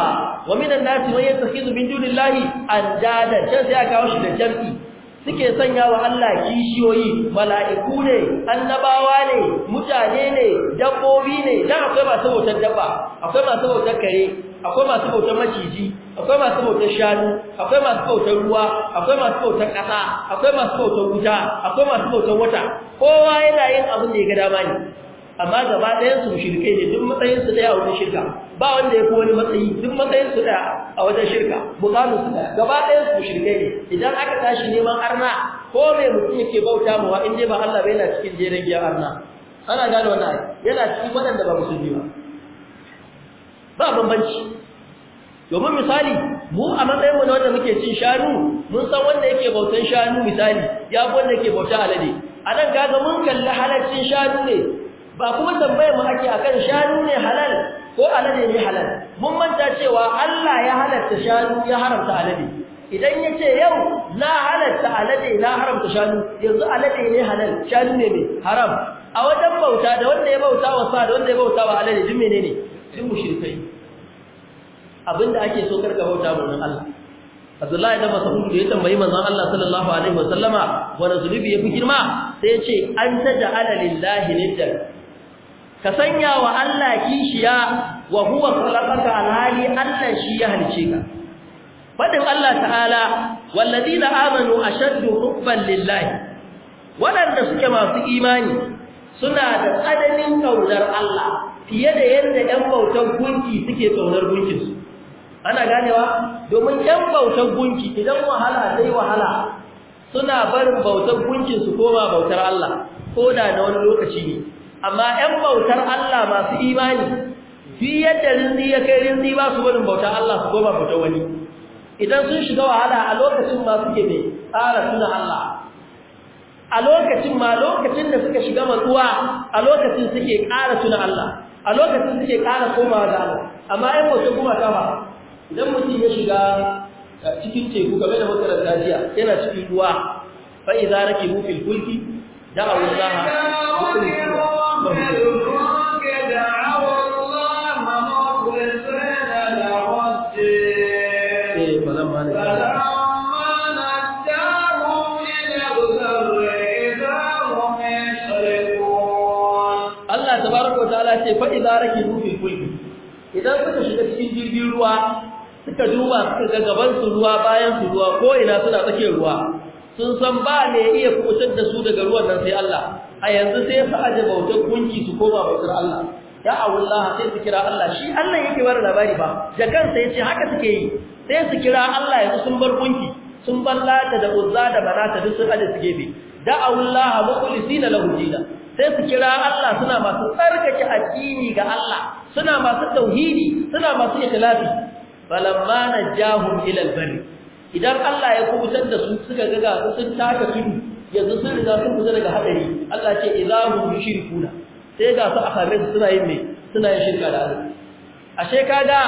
Speaker 1: wa minan nasi man yattakhidhu min dunillahi andadan sai aka kawo shi da jam'i suke sanya wa Allah kishiyoyi mala'iku ne annabawa ne mutane ne dabbobi ne dan akwai masu bautar dabba akwai masu bautar kare akwai masu bautar maciji akwai masu bautar shanu akwai masu bautar ruwa akwai masu bautar ƙasa akwai masu bautar wuta akwai masu bautar wata kowa yana yin abin da ya ga dama ne amma gaba ɗayan su shirke ne duk matsayin su ɗaya a wurin shirka ba wanda ya fi wani matsayi duk matsayin su a wajen shirka bukatu su da, gaba ɗaya su shirkai ne idan aka tashi neman arna ko me mutum yake bauta mawa in dai ba Allah ba yana cikin jerin giya arna ana gane wannan yana cikin waɗanda ba musulmi ba ba bambanci domin misali mu a matsayin wani wanda muke cin shanu mun san wanda yake bautan shanu misali ya fi wanda yake bauta alade a nan kaga mun kalli halaccin shanu ne ba kuma tambayar mu ake akan shanu ne halal ko alade ne halal mun manta cewa Allah ya halatta shanu ya haramta alade idan ya ce yau na halatta alade na haramta shanu yanzu alade ne halal shanu ne ne haram a wajen bauta da wanda ya bauta wa sa da wanda ya bauta wa alade duk menene duk mushrikai abinda ake so karka bauta mu Allah Abdullahi da Mas'ud ya tambayi manzon Allah sallallahu alaihi wa wasallama wani zulubi fi girma sai ya ce an taja'ala lillahi niddan ka sanya wa Allah kishiya wa huwa khalaqaka alhali Allah shi ya halice ka fadin Allah ta'ala walladina amanu ashaddu hubban lillahi wadanda suke masu imani suna da tsananin kaunar Allah fiye da yadda ɗan bautan gunki suke kaunar gunkinsu, su ana ganewa domin ɗan bautan gunki idan wahala sai wahala suna barin bautan gunkin su koma bautar Allah ko da na wani lokaci ne amma ɗan bautar Allah masu imani fi yadda rinzi ya kai rinzi ba su barin bautar Allah su goma bauta wani idan sun shiga wahala a lokacin ma suke ne tsara suna Allah a lokacin ma lokacin da suka shiga matsuwa a lokacin suke ƙara suna Allah a lokacin suke ƙara komawa da Allah amma ɗan bautar kuma ta ba idan mutum ya shiga cikin teku game da matsalar gajiya, yana cikin ruwa fa idza rakibu fil fulki da'u Allah mukhlisina idan suka shiga cikin jirgin ruwa duba suka ga gaban su ruwa bayan su ruwa ko ina suna tsakiyar ruwa sun san ba ne iya kubutar da su daga ruwan nan sai Allah a yanzu sai su aje bautar gunki su koma bautar Allah ya Allah sai su kira Allah shi Allah yake bada labari ba da kansa yace haka suke yi sai su kira Allah yanzu sun bar gunki sun ballata da uzza da barata duk sun aje su gefe da Allah mukhlisina lahu dina sai su kira Allah suna masu tsarkake addini ga Allah suna masu tauhidi suna masu ikhlasi falamma najahum ila albar idan Allah ya kubutar da su suka ga sun taka tudu yanzu sun riga sun fita daga hadari Allah ce idahum yushrikuna sai ga su a suna yin me suna yin shirka da Allah ashe kaga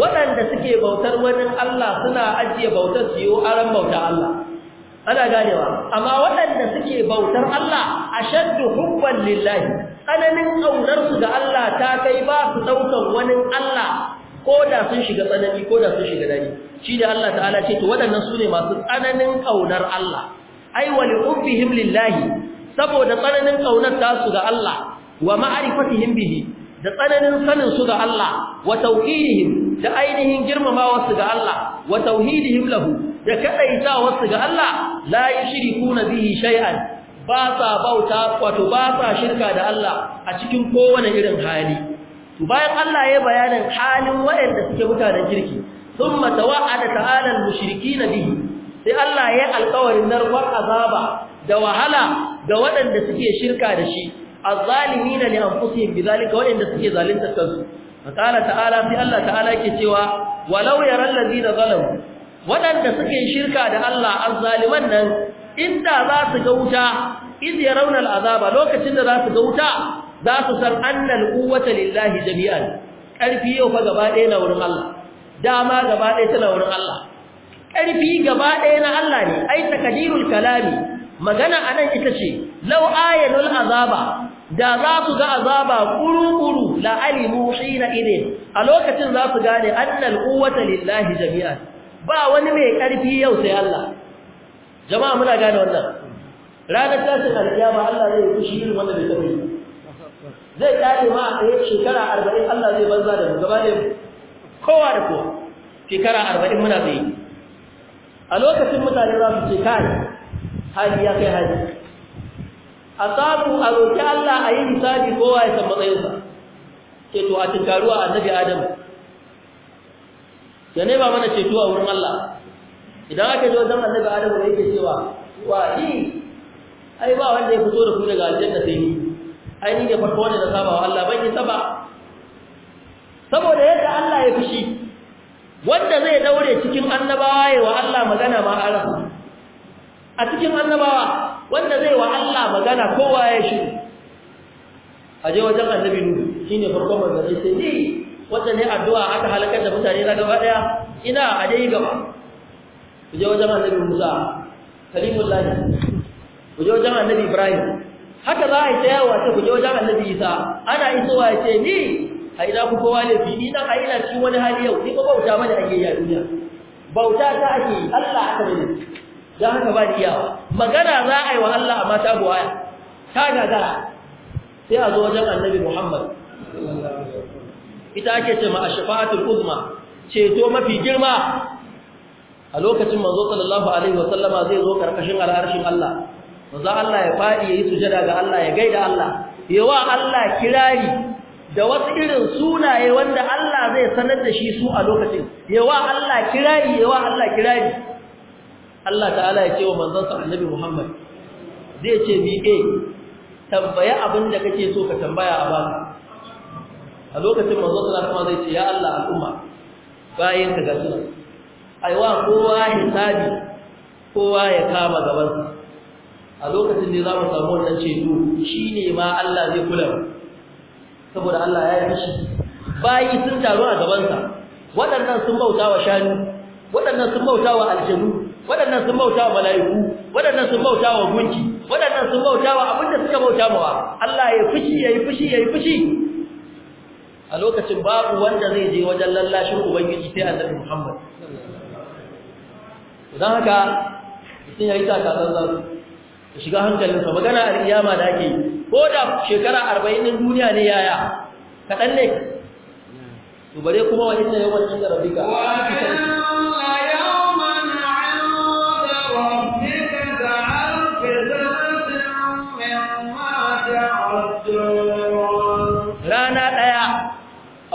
Speaker 1: waɗanda suke bautar wani Allah suna ajiye bautar su yo aran bauta Allah ana ganewa amma waɗanda suke bautar Allah ashaddu hubban lillahi tsananin kaunar su ga Allah ta kai ba su daukar wani Allah ko da sun shiga tsanani ko da sun shiga dani shi da Allah ta'ala ce to waɗannan su ne masu tsananin kaunar Allah ai wa lihubbihim lillahi saboda tsananin kaunar su ga Allah wa ma'rifatihim bihi da tsananin sanin su ga Allah wa tauhidihim da ainihin girmamawa su ga Allah wa tauhidihim lahu da kadaitawa su ga Allah la yushrikuna bihi shay'an ba sa bauta wato ba sa shirka da Allah a cikin kowane irin hali bayan Allah ya bayanin halin waɗanda suke mutanen kirki thumma tawa'ada ta'ala al-mushrikeena bihi sai Allah ya alƙawarin narwar azaba da wahala ga waɗanda suke shirka da shi azzalimina li anfusihim bidhalika waɗanda suke zalunta kansu qala ta'ala sai Allah ta'ala yake cewa walau yaral ladina zalamu waɗanda suke shirka da Allah azzaliman nan inda za su ga wuta iz yarawna azaba lokacin da za su ga wuta za su san annal quwwata lillahi jami'an ƙarfi yau fa gaba ɗaya na wurin Allah dama gaba ɗaya tana wurin Allah ƙarfi gaba ɗaya na Allah ne ai takadirul kalami magana a nan ita ce law ayanul azaba da za su ga azaba kuru-kuru la alimu na idin a lokacin za su gane annal quwwata lillahi jami'an ba wani mai ƙarfi yau sai Allah jama'a muna gane wannan ranar tashin ba Allah zai yi fushi irin wanda bai taɓa yi zai kare ma a ɗaya shekara arba'in Allah zai banza da mu gaba da kowa da kowa shekara arba'in muna zai yi a lokacin mutane za su ce kai haji ya kai haji a samu a roƙi Allah a yi misali kowa ya san matsayinsa ce to a a nabi Adam ya ne ba mana ceto a wurin Allah idan aka ji wajen annabi Adam ne yake cewa wa ni ai ba wanda ya fito da ku daga aljanna sai ni ai ni ne farko wanda na saba wa Allah ban yi saba saboda yadda Allah ya fushi wanda zai daure cikin annabawa ya wa Allah magana ma an a cikin annabawa wanda zai wa Allah magana kowa ya shi Aje wajen annabi nuhu shine farkon manzanni sai ni wanda ne addu'a aka halakar da mutane na gaba daya ina a dai gaba ku je wajen annabi Musa kalimullah ku je wajen annabi Ibrahim haka za a yi tayawa ta ku je wajen annabi Isa ana isowa ya ce ni ai na ku kowa laifi ni dan ai ina cikin wani hali yau ni ba bauta mana ake yi a duniya bauta ta ake yi Allah aka yi dan haka ba iyawa magana za a yi wa Allah amma ta buwaya ta gagara sai a zo wajen annabi Muhammad ita ake ce ma ashfa'atul uzma ceto mafi girma a lokacin manzo sallallahu alaihi wa sallama zai zo karkashin al'arshin Allah manzo Allah ya fadi yayi sujada ga Allah ya gaida Allah yawa Allah kirari da wasu irin sunaye wanda Allah zai sanar da shi su a lokacin yawa Allah kirari yawa Allah kirari Allah ta'ala ya ce wa manzansa annabi Muhammad zai ce bi eh tambaya abin da kake so ka tambaya a baka a lokacin manzon Allah kuma zai ce ya Allah al'umma bayin ka gasu aiwa kowa hisabi kowa ya kama gabansa a lokacin da za mu samu wannan ceto shine ma Allah zai kula mu saboda Allah ya yi shi bayi sun taru a gabansa waɗannan sun bauta wa shanu waɗannan sun bauta wa aljanu waɗannan sun bauta wa mala'iku waɗannan sun bauta wa gunki waɗannan sun bauta wa abinda suka bauta mawa Allah ya fushi ya yi fushi ya yi fushi a lokacin babu wanda zai je wajen lallashin ubangiji sai annabi Muhammad don haka sun yi ta kasan shiga hankalinsa magana al'iyama da ake ko da shekara 40 din duniya ne yaya kaɗan ne to bare kuma wa inna yawman inda rabbika rana ɗaya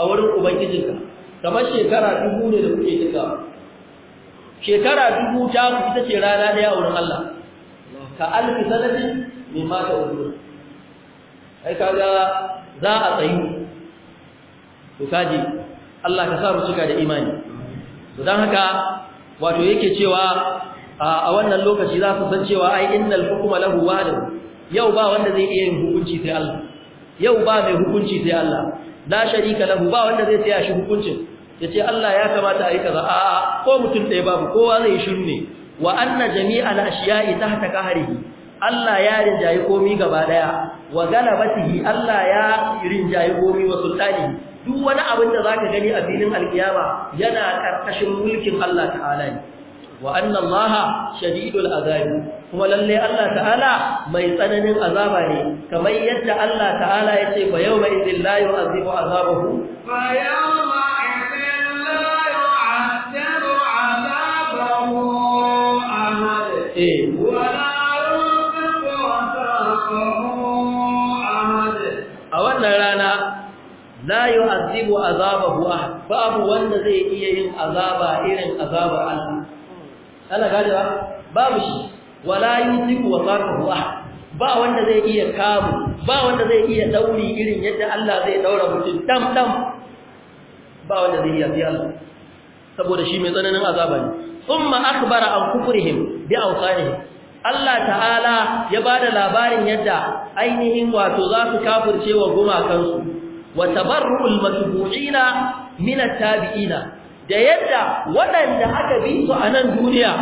Speaker 1: a wurin ubangijinka kamar shekara dubu ne da kuke duka shekara dubu ta ku ita ce rana da a wurin Allah ka alfi sanadin mimma mata udu ai kaga za a tsayi. to kaji Allah ka sa mu cika da imani to dan haka wato yake cewa a wannan lokaci za su san cewa ai innal hukma lahu wahdahu yau ba wanda zai iya yin hukunci sai Allah yau ba mai hukunci sai Allah la sharika lahu ba wanda zai tsaya shi hukuncin yace Allah ya kamata a yi kaza a ko mutum ɗaya babu kowa zai shiru wa anna jami'al ashiya'i tahta qahrihi Allah ya rinjayi komai gaba daya wa galabatihi Allah ya rinjayi komi wa sultani duk wani abin da zaka gani a filin alkiyama yana karkashin mulkin Allah ta'ala ne wa anna Allah shadidul azabi kuma lalle Allah ta'ala mai tsananin azaba ne kamar yadda Allah ta'ala yace fa yawma yau la yu'adhibu
Speaker 2: azabahu fa yawma
Speaker 1: yu'adhibu azabahu ahad babu wanda zai iya yin azaba irin azabar Allah ana gadewa babu shi wala yusiku waqahu ahad ba wanda zai iya kamu ba wanda zai iya dauri irin yadda Allah zai daura mutum dam dam ba wanda zai iya biya saboda shi mai tsananin azaba ne thumma akhbara an kufrihim bi awsanihim Allah ta'ala ya bada labarin yadda ainihin wato za su kafirce wa gumakansu wa tabarru'ul matbu'ina min tabiina da yadda waɗanda aka bi su a nan duniya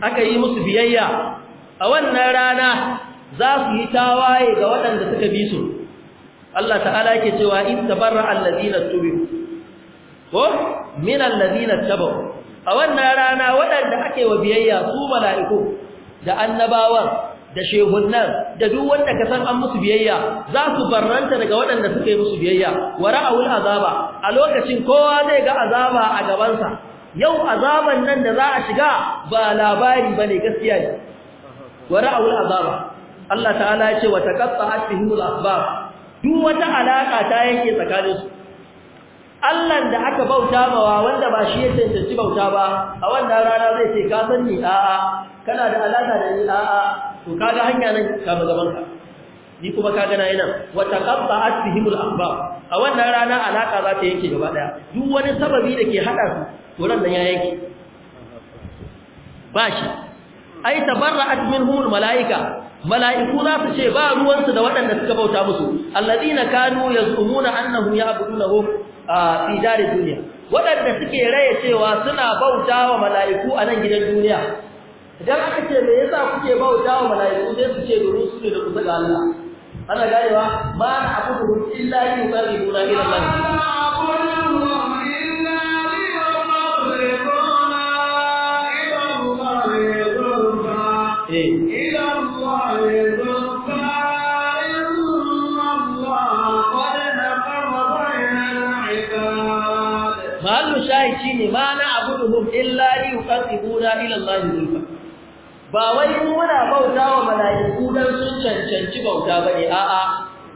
Speaker 1: aka yi musu biyayya a wannan rana za su yi tawaye ga waɗanda suka bi su Allah ta'ala yake cewa in tabarra allazina tubu ko min allazina tabu a wannan rana waɗanda ake wa biyayya su mala'iku da annabawan da shehunnan da duk wanda ka san an musu biyayya za su barranta daga waɗanda suka yi musu biyayya wa ra'awul azaba a lokacin kowa zai ga azaba a gabansa yau azaban nan da za a shiga ba labari bane gaskiya ne wa ra'awul azaba Allah ta'ala ya ce wa taqatta'at bihimul asbab duk wata alaka ta yake tsakanin su Allah da aka bauta mawa wanda ba shi ya tantance bauta ba a wannan rana zai ce ka san ni a'a kana da alaka da ni a'a to kaga hanya nan ka ba gaban ka ni kuma ka gana yana wa taqatta'at bihimul akhbar a wannan rana alaka za ta yanke gaba daya duk wani sababi da ke hada su to ran nan ya yake. bashi ai tabarra'at minhumul malaika mala'iku za su ce ba ruwansu da waɗanda suka bauta musu alladina kanu yazumuna annahum ya'budunahu fi dari duniya waɗanda suke raye cewa suna bauta wa mala'iku a nan gidan duniya idan aka ce me yasa kuke bauta wa mala'iku sai su ce domin su ne da kusa ga Allah ana ganewa ma na abudu illa yuqarribuna
Speaker 2: ila Allah Mahallu
Speaker 1: shahi ne ma na abuduhum illa yuqarribuna ila Allah eh. ba. ba wai muna bauta wa mala'iku dan sun cancanci bauta bane a'a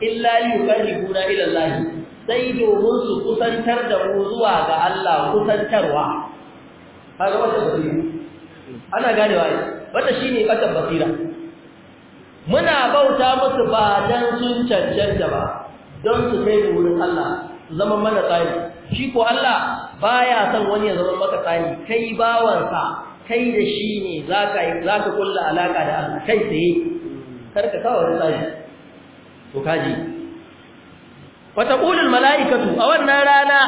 Speaker 1: illa yuqarribuna ila Allah sai domin su kusantar da mu zuwa ga Allah kusantarwa kaga wata basira ana wai wata shine kata basira muna bauta musu ba dan sun cancanta ba don su kai mu wurin Allah zama mana tsari shi ko Allah baya son wani ya zama maka tsari kai bawansa kai da shi ne za ka yi za ka kulla alaka da Allah kai tsaye kar ka kawo wani to kaji wa taqulu al mala'ikatu a wannan rana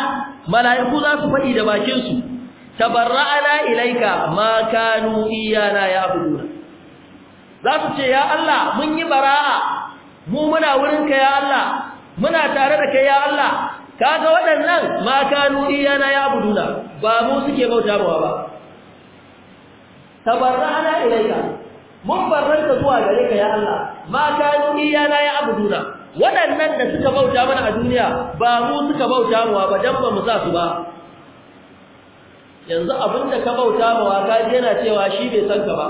Speaker 1: mala'iku za su faɗi da bakin su tabarra'ana ilaika ma kanu iyana abuduna za su ce ya Allah mun yi bara'a mu muna wurin ka ya Allah muna tare da kai ya Allah kaga waɗannan ma kanu iyana abuduna ba mu suke bautawa ba tabarra'ana ilayka mun barranta zuwa gare ka ya Allah ma kanu iyana ya abuduna waɗannan da suka bauta mana a duniya ba mu suka bauta mu ba dan ba mu sa su ba yanzu abinda ka bauta ma waka yana cewa shi bai san ka ba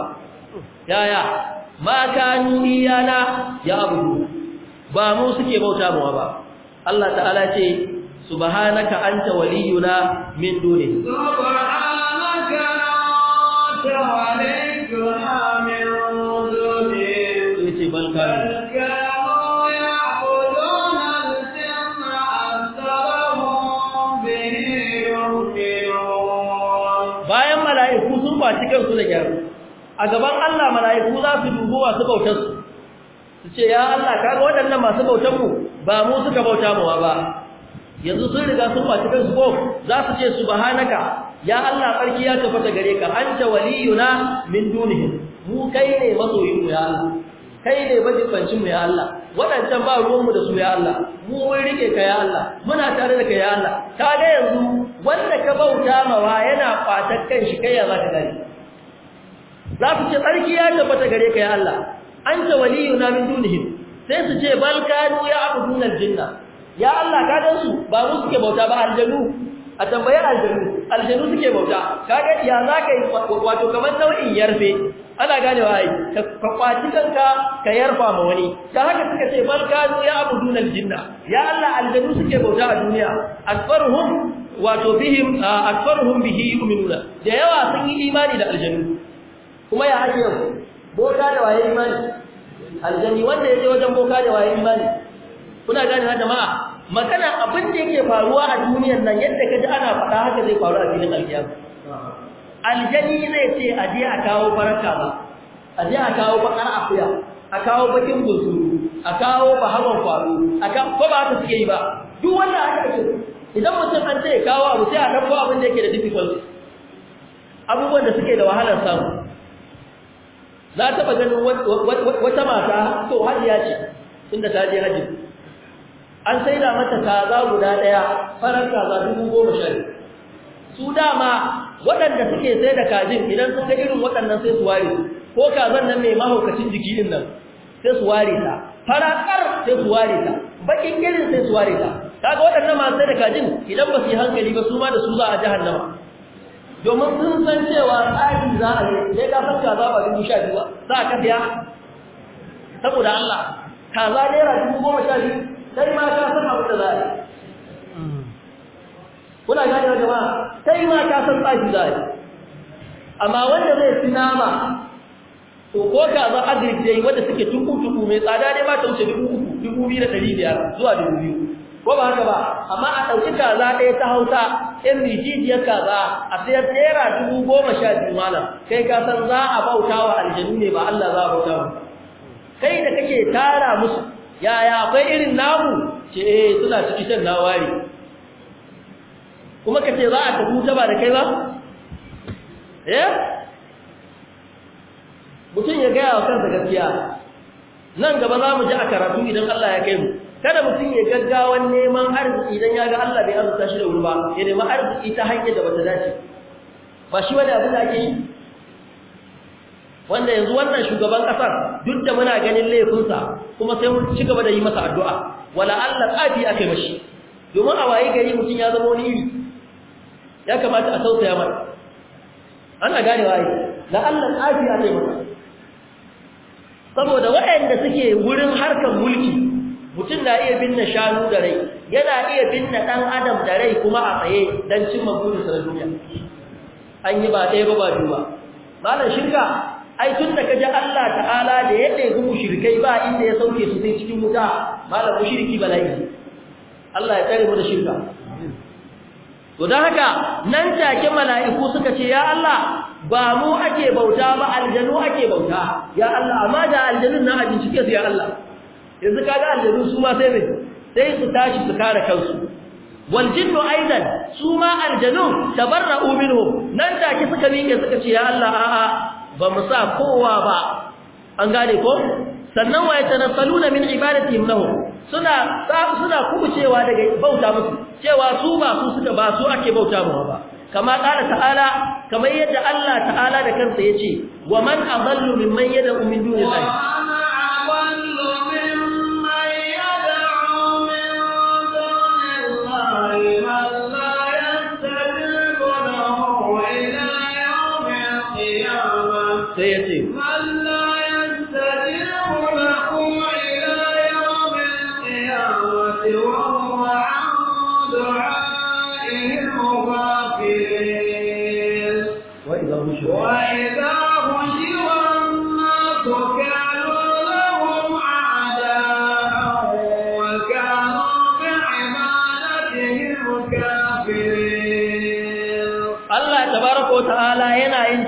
Speaker 1: yaya ma kanu iyana ya abuduna ba mu suke bauta mu ba Allah ta'ala ce subhanaka anta waliyuna min dunihi
Speaker 2: subhanaka bayan
Speaker 1: mala'iku sun baci kansu da gyaru a gaban Allah mala'iku za su dubo wasu bautarsu su ce ya Allah kaga waɗannan masu bautar mu ba mu suka bauta mawa ba yanzu sun riga sun baci kansu ko za su ce subhanaka ya Allah barki ya ta gare ka anta waliyuna min dunihi mu kai ne masoyin mu ya Allah kai ne majibancin mu ya Allah wadancan ba ruwan mu da su ya Allah mu mun rike ka ya Allah muna tare da ka ya Allah ka ga yanzu wanda ka bauta mawa yana fatar kan shi kai ya za ka gare za su ce tsarki ya ta gare ka ya Allah anta waliyuna min dunihi sai su ce bal kanu ya abudun aljinna ya Allah ka dan su ba mu suke bauta ba aljanu a tambayar aljanu aljanu suke bauta kaga ya zaka yi wato kamar nau'in yarfe ana ganewa ai ka kwaci kanka ka yarfa ma wani da haka suka ce bal kanu ya abudun aljinna ya Allah aljanu suke bauta a duniya akbaruhum wato bihim asfarhum bihi yu'minuna da yawa sun yi imani da aljanu kuma ya haka yau boka da waye imani aljani wanda yaje wajen boka da waye imani kuna gane ha jama'a magana abin da yake faruwa a duniyar nan yadda ka ji ana faɗa haka zai faru a filin aljiyar aljani zai ce a je a kawo baraka ba a je a kawo bakar afiya a kawo bakin bunsuru a kawo bahawan kwaro a kawo ko ba haka suke yi ba duk wanda haka ce idan mutum an ce kawo abu sai a ɗauko abin da yake da difficulty abubuwan da suke da wahalar samu za ta ba ganin wata mata to hajiya ce inda ta je hajji an saida mata kaza guda daya farar kaza dubu goma sha biyu su dama waɗanda suke sai da kajin idan sun ga irin waɗannan sai su ware ko kazan nan mai mahaukacin jiki din nan sai su ware ta farakar sai su ware ta bakin irin sai su ware ta kaga waɗannan masu sai da kajin idan ba su yi hankali ba su ma da su za a jahannama domin sun san cewa tsari za a yi sai ka san kaza ba dubu sha biyu ba za a kafiya saboda Allah kaza naira dubu goma sha biyu kai ma ka san abin da za a yi kuna gane jama'a kai ma ka san tsafi za a yi amma wanda zai fi nama to ko ka za a wanda suke tuku tuku mai tsada ne ba ta wuce dubu uku dubu biyu da ɗari biyar zuwa dubu biyu ko ba haka ba amma a ɗauki kaza ɗaya ta hausa in rijijiyar kaza a sayar naira dubu goma sha biyu malam kai ka san za a bauta wa aljanu ne ba Allah za a bauta wa kai da kake tara musu yaya akwai irin namu ce eh suna cikin shan nawari kuma kace za a tafi ta ba da kai ba eh mutum ya gaya wa kansa gaskiya nan gaba za mu ji a karatu idan Allah ya kai mu kada mutum ya gaggawan neman arziki idan ya ga Allah bai arzuta shi da wuri ba ya nemi arziki ta hanyar da bata dace ba shi wani abin da ake yi wanda yanzu wannan shugaban kasar duk da muna ganin laifinsa kuma sai mun ci gaba da yi masa addu'a wala Allah tsafi aka yi mashi domin a waye gari mutum ya zama wani iri ya kamata a tausaya mata ana gane waye la Allah tsafi aka yi masa saboda waɗanda suke wurin harkar mulki mutum na iya binne shanu da rai yana iya binne ɗan adam da rai kuma a tsaye don cimma burinsa na duniya an yi ba ɗaya ba ba biyu malam shirka ai tun da kaji Allah ta'ala da ya ɗebi mushrikai ba inda ya sauke su sai cikin wuta malam mushriki bala'i Allah ya tsare mu da shirka to dan haka nan take mala'iku suka ce ya Allah ba mu ake bauta ba aljanu ake bauta ya Allah amma da aljanun na a bincike su ya Allah yanzu kaga aljanu su ma sai ne sai su tashi su kare kansu wal jinnu aidan su ma aljanu tabarra'u minhum nan take suka miƙe suka ce ya Allah a'a ba mu sa kowa ba an gane ko sannan wa saluna min ibadatihim lahu suna suna kubucewa daga bauta musu cewa su ba su suka ba su ake bauta mu ba kama qala ta'ala kamar yadda Allah ta'ala da kansa yace wa man adallu mimman yad'u min dunillahi sai ya ce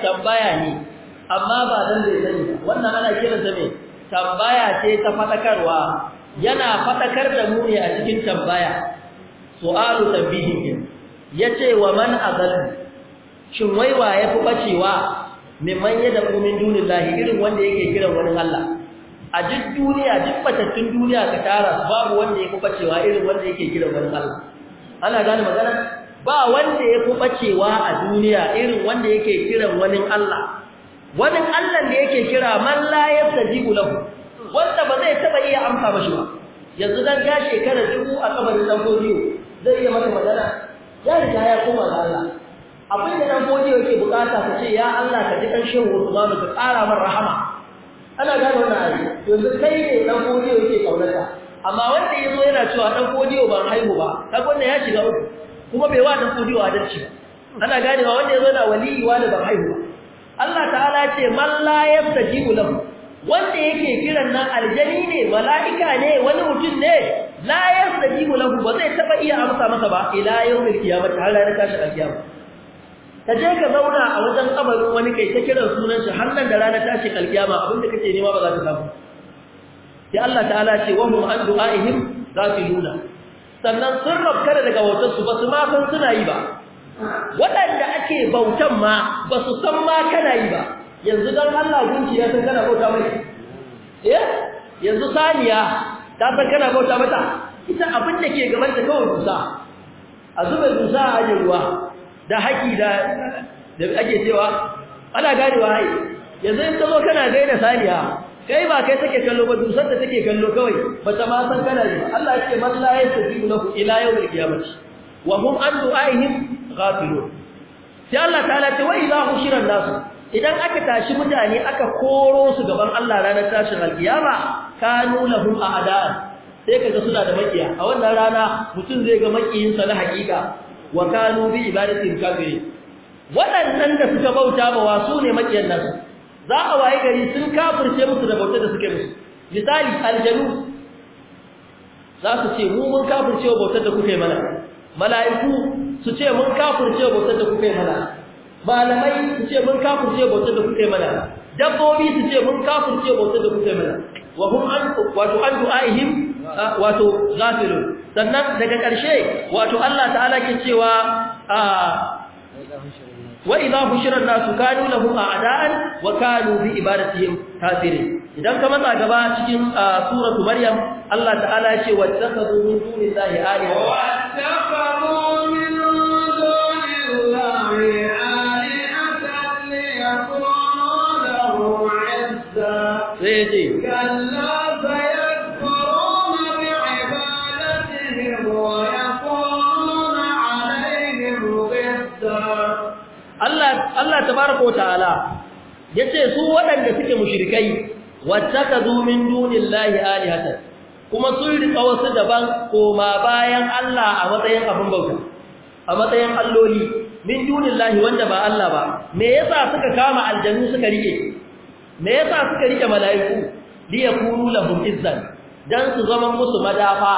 Speaker 1: tambaya ne amma ba dan zai sani ba wannan ana kiransa me tambaya ce ta fatakarwa yana fatakar da mu ne a cikin tambaya su'alu tabihi yace wa man azal shin wai wa yafi bacewa man yadda kumin dunillahi irin wanda yake kiran wani Allah a duk duniya duk batattun duniya ka tara babu wanda ya fi bacewa irin wanda yake kiran wani Allah ana gane magana ba wanda ya fi bacewa a duniya irin wanda yake kiran wani Allah wani Allah da yake kira man la yastajibu lahu wanda ba zai taba iya amsa shi ba yanzu dan ga shekara dubu a kabarin dan godiyo zai iya mata magana ya riga ya koma ga Allah abin da dan godiyo yake bukata ka ce ya Allah ka ji dan shehu Usman ka kara min rahama ana gane wannan ayi yanzu kai ne dan godiyo yake kaunata amma wanda yazo yana cewa dan godiyo ban haihu ba kaga wannan ya shiga uku kuma bai wa dan godiyo adalci ba ana gane ba wanda yazo na waliyi wani ban haihu ba Allah ta'ala ce man la yabtajibu lahu wanda yake kiran nan aljani ne mala'ika ne wani mutum ne la yastajibu lahu ba zai taba iya amsa masa ba ila yawmil qiyamah har ranar tashin alkiyama ka je ka zauna a wajen kabarin wani kai ta kiran sunan shi har nan da ranar tashin alkiyama abinda kake nema ba za ka samu sai Allah ta'ala ce wa hum an du'aihim ghafiluna sannan sun rabkara daga wautar su ba su ma san suna yi ba waɗanda ake bautan ma ba su san ma kana yi ba yanzu don Allah gunki ya san kana bauta mai eh yanzu saniya ta san kana bauta mata ita abin da ke gaban ta kawai dusa a zuba dusa a ajin ruwa da haƙi da da ake cewa ana ganewa hai yanzu in ka zo kana gaida saniya kai ba kai take kallo ba dusar da take kallo kawai ba ta ma san kana yi Allah ya ce man la yasbihu lahu ila yawmil qiyamah wa hum an du'aihim ghafilun sai Allah ta'ala ce wa idza hushira shirin nas idan aka tashi mutane aka koro su gaban Allah ranar tashin alkiyama kanu lahum a'da'a sai kaga suna da makiya a wannan rana mutum zai ga sa na hakika wa kanu bi ibadatin kafiri waɗannan da suka bauta ba wa su ne makiyan nasu za a waye gari sun kafirce musu da bautar da suke musu misali aljanu za su ce mu mun kafirce bautar da kuka yi mana mala'iku su ce mun kafirce bautar da kuka yi mana malamai su ce mun kafirce bautar da kuka yi mana dabbobi su ce mun kafirce bautar da kuka yi mana wa hum an wato an du'aihim wato ghafilun sannan daga ƙarshe wato Allah ta'ala ke cewa wa idha hushira an-nasu kanu lahum a'da'an wa kanu bi ibadatihim kafirin idan ka matsa gaba cikin suratu maryam Allah ta'ala ya ce wattakhadhu min dunillahi alaha
Speaker 2: wattakhadhu sai ce Allah Allah tabaraka
Speaker 1: wa ta'ala yace su waɗanda suke mushrikai wattakazu min dunillahi alihatan kuma sun rika wasu daban koma bayan Allah a matsayin abin bauta a matsayin alloli min dunillahi wanda ba Allah ba me yasa suka kama aljannu suka rike me yasa suka rike mala'iku liyakunu lahum izzan dan su zama musu madafa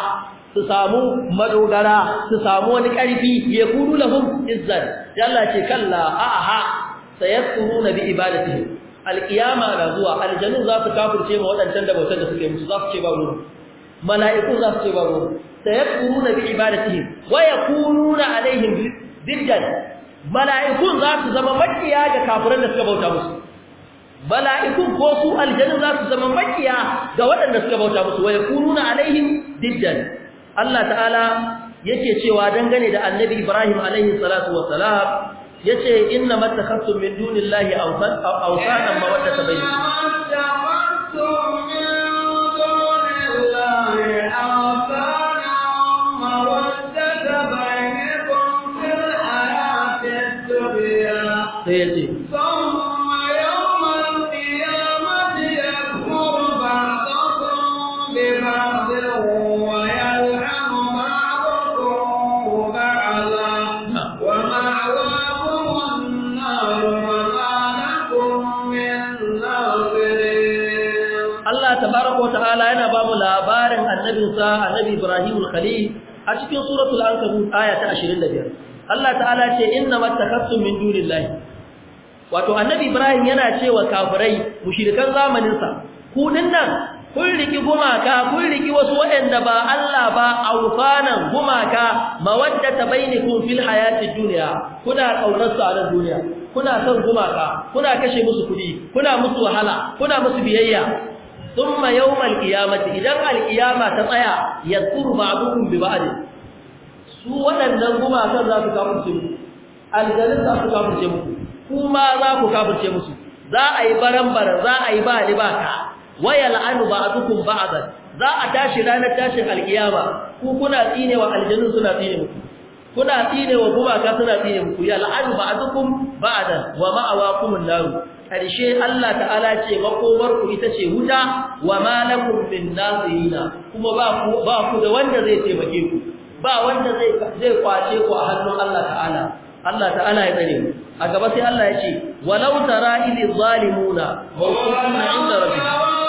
Speaker 1: su samu madogara su samu wani karfi yakunu lahum izzan yalla ce kalla aha sayaskuruna bi ibadatihim alqiyama na zuwa aljannu za su kafurce ma wadancan da bautar da suke musu za su ce ba ruwa mala'iku za su ce ba ruwa sayaskuruna bi ibadatihim wa yakununa alaihim diddan mala'ikun za su zama makiya ga kafiran da suka bauta musu mala'ikun ko su aljanu za su zama makiya ga waɗanda suka bauta musu waya kununa alaihim diddan Allah ta'ala yake cewa dangane da annabi Ibrahim alaihi salatu wassalam yace inna mattakhastum min dunillahi awsan awsanan mawaddata bainakum
Speaker 2: sai ya ce
Speaker 1: annabinsa annabi Ibrahim al-Khalil a cikin suratul ankabut aya ta 25 Allah ta'ala ce inna mattakhasum min dunillahi wato annabi Ibrahim yana cewa kafirai mushrikan zamanin sa ku dinnan kun riki gumaka kun riki wasu waɗanda ba Allah ba aufanan gumaka mawaddata bainakum fil hayatid dunya kuna kaunar su a nan duniya kuna son gumaka kuna kashe musu kudi kuna musu wahala kuna musu biyayya thumma yawmal qiyamati idan alqiyama ta tsaya yadhkuru ba'dukum bi ba'd su waɗannan gumakan za su kafirce muku aljalin za su kafirce muku kuma za ku kafirce musu za a yi barambar za a yi ba libaka wayal anu ba'dukum ba'dan za a tashi ranar tashin alqiyama ku kuna tsine wa aljannu suna tsine muku kuna tsine wa gumaka suna tsine muku yal anu ba'dukum ba'dan wa ma'awakumun nar karshe Allah ta'ala ce makomar ku ita ce wuta wa ma lakum min nasirina kuma ba ku ba ku da wanda zai taimake ku ba wanda zai zai kwace ku a hannun Allah ta'ala Allah ta'ala ya tsare a gaba sai Allah ya ce walau tara idh zalimuna mawqufun 'inda rabbihim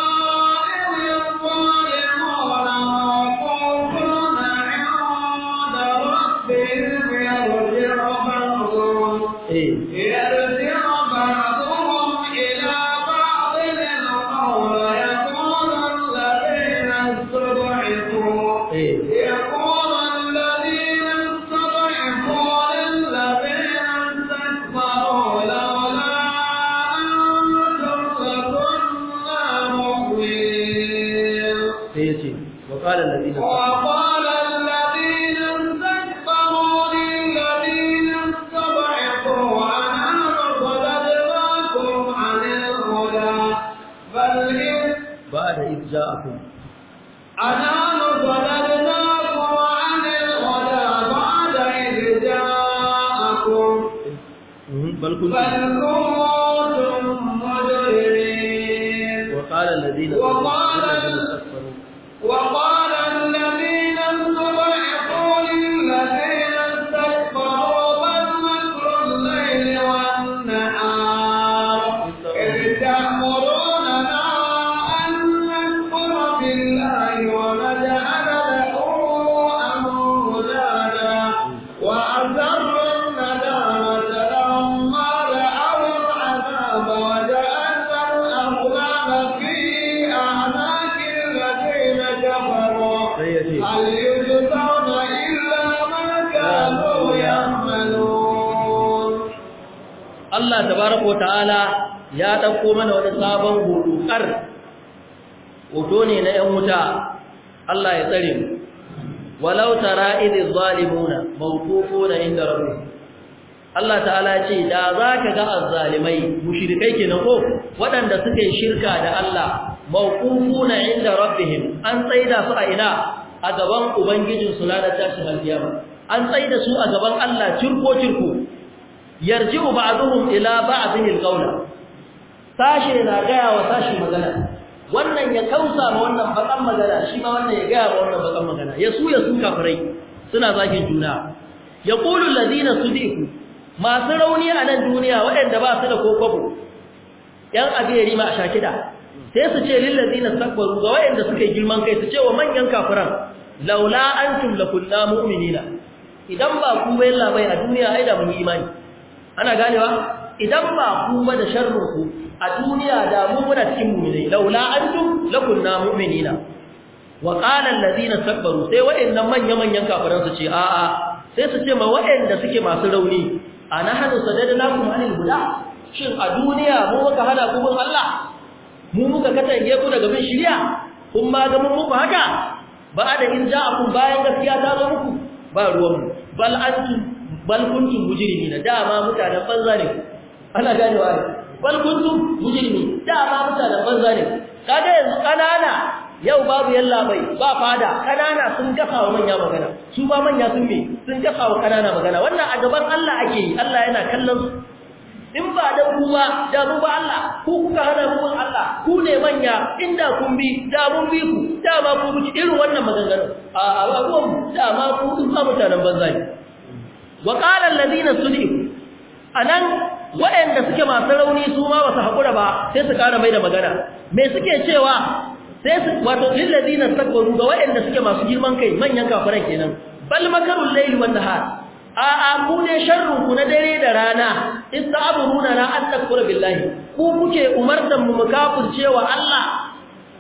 Speaker 1: ta'ala ya ɗauko mana wani sabon hudukar hoto ne na ‘yan wuta Allah ya tsare mu walau tara idh zalimuna mawqufuna inda rabbi Allah ta'ala ce da za ka ga azzalimai mushrikai kenan ko waɗanda suke shirka da Allah mawqufuna inda rabbihim an tsaida su a ina a gaban ubangijin su shi an tsaida su a gaban Allah cirko cirko yarji'u ba'dhum ila ba'dhin alqawla sashi na gaya wa sashi magana wannan ya kausa ma wannan bakan magana shi ma wannan ya gaya ma wannan bakan magana ya su ya su kafirai suna zakin juna yaqulu alladhina sudiku masu rauni a nan duniya waɗanda ba su da kokobo yan abiyari ma a shakida sai su ce lillazina stakbaru ga waɗanda suka yi girman kai su ce wa manyan kafiran laula antum lakunna mu'minina idan ba ku bai labai a duniya ai da mun imani ana ganewa idan ba ku ba da sharruku a duniya da mu muna cikin mu'minai laula antum lakunna mu'minina wa qala allazina sabaru sai waɗannan manya manyan kafiran su ce a'a sai su ce ma waɗanda suke masu rauni anahanu kuma anil guda? shin a duniya mu muka hana ku bin Allah mu muka katange ku daga bin shari'a kun ma ga mun muku haka ba da in ja'akum bayan gaskiya ta zo muku ba ruwan bal antum bal kuntum mujrimina dama mutanen banza ne ana ganewa ne bal kuntum mujrimi dama mutanen banza ne kaga yanzu kanana yau babu yalla bai ba fada kanana sun gafa wa manya magana su ba manya sun me sun gafa wa kanana magana wannan a gaban Allah ake yi Allah yana kallon su in ba da kuma da mu ba Allah ku kuka hana mu Allah ku ne manya inda kun bi da mun bi ku da ba ku bi irin wannan maganganun a a ba ku sun ba mutanen banza ne wa qala alladhina a anan wayanda suke masu rauni su ma basu haƙura ba sai su ƙara mai da magana me suke cewa sai su wato lil takwaru ga wayanda suke masu girman kai manyan kafaran kenan bal makarun laili wanda ha a a ku ne sharru ku na dare da rana nuna na an takfuru billahi ku kuke umartan mu cewa Allah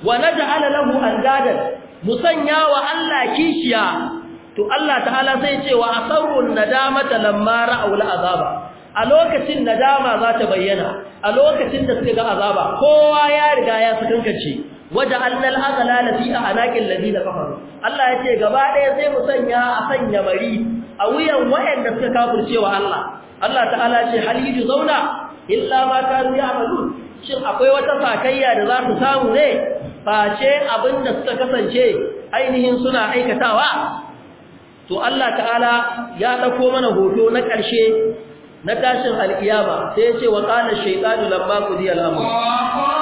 Speaker 1: wa an lahu mu sanya wa Allah kishiya to Allah ta'ala sai ce wa asarrun nadamata lamma ra'aul azaba a lokacin nadama za ta bayyana a lokacin da suka ga azaba kowa ya riga ya sakankace waja annal aqlala fi anaqil ladina kafaru Allah yace gaba daya sai mu sanya a sanya mari a wuyan wayanda suka kafirce wa Allah Allah ta'ala ce hal zauna illa ma kanu ya'malun shin akwai wata fakayya da za su samu ne face abinda suka kasance ainihin suna aikatawa to Allah ta'ala ya dauko mana hoto na ƙarshe na tashin alkiyama sai ya ce wa qala shaytanu lamma qudiya al-amr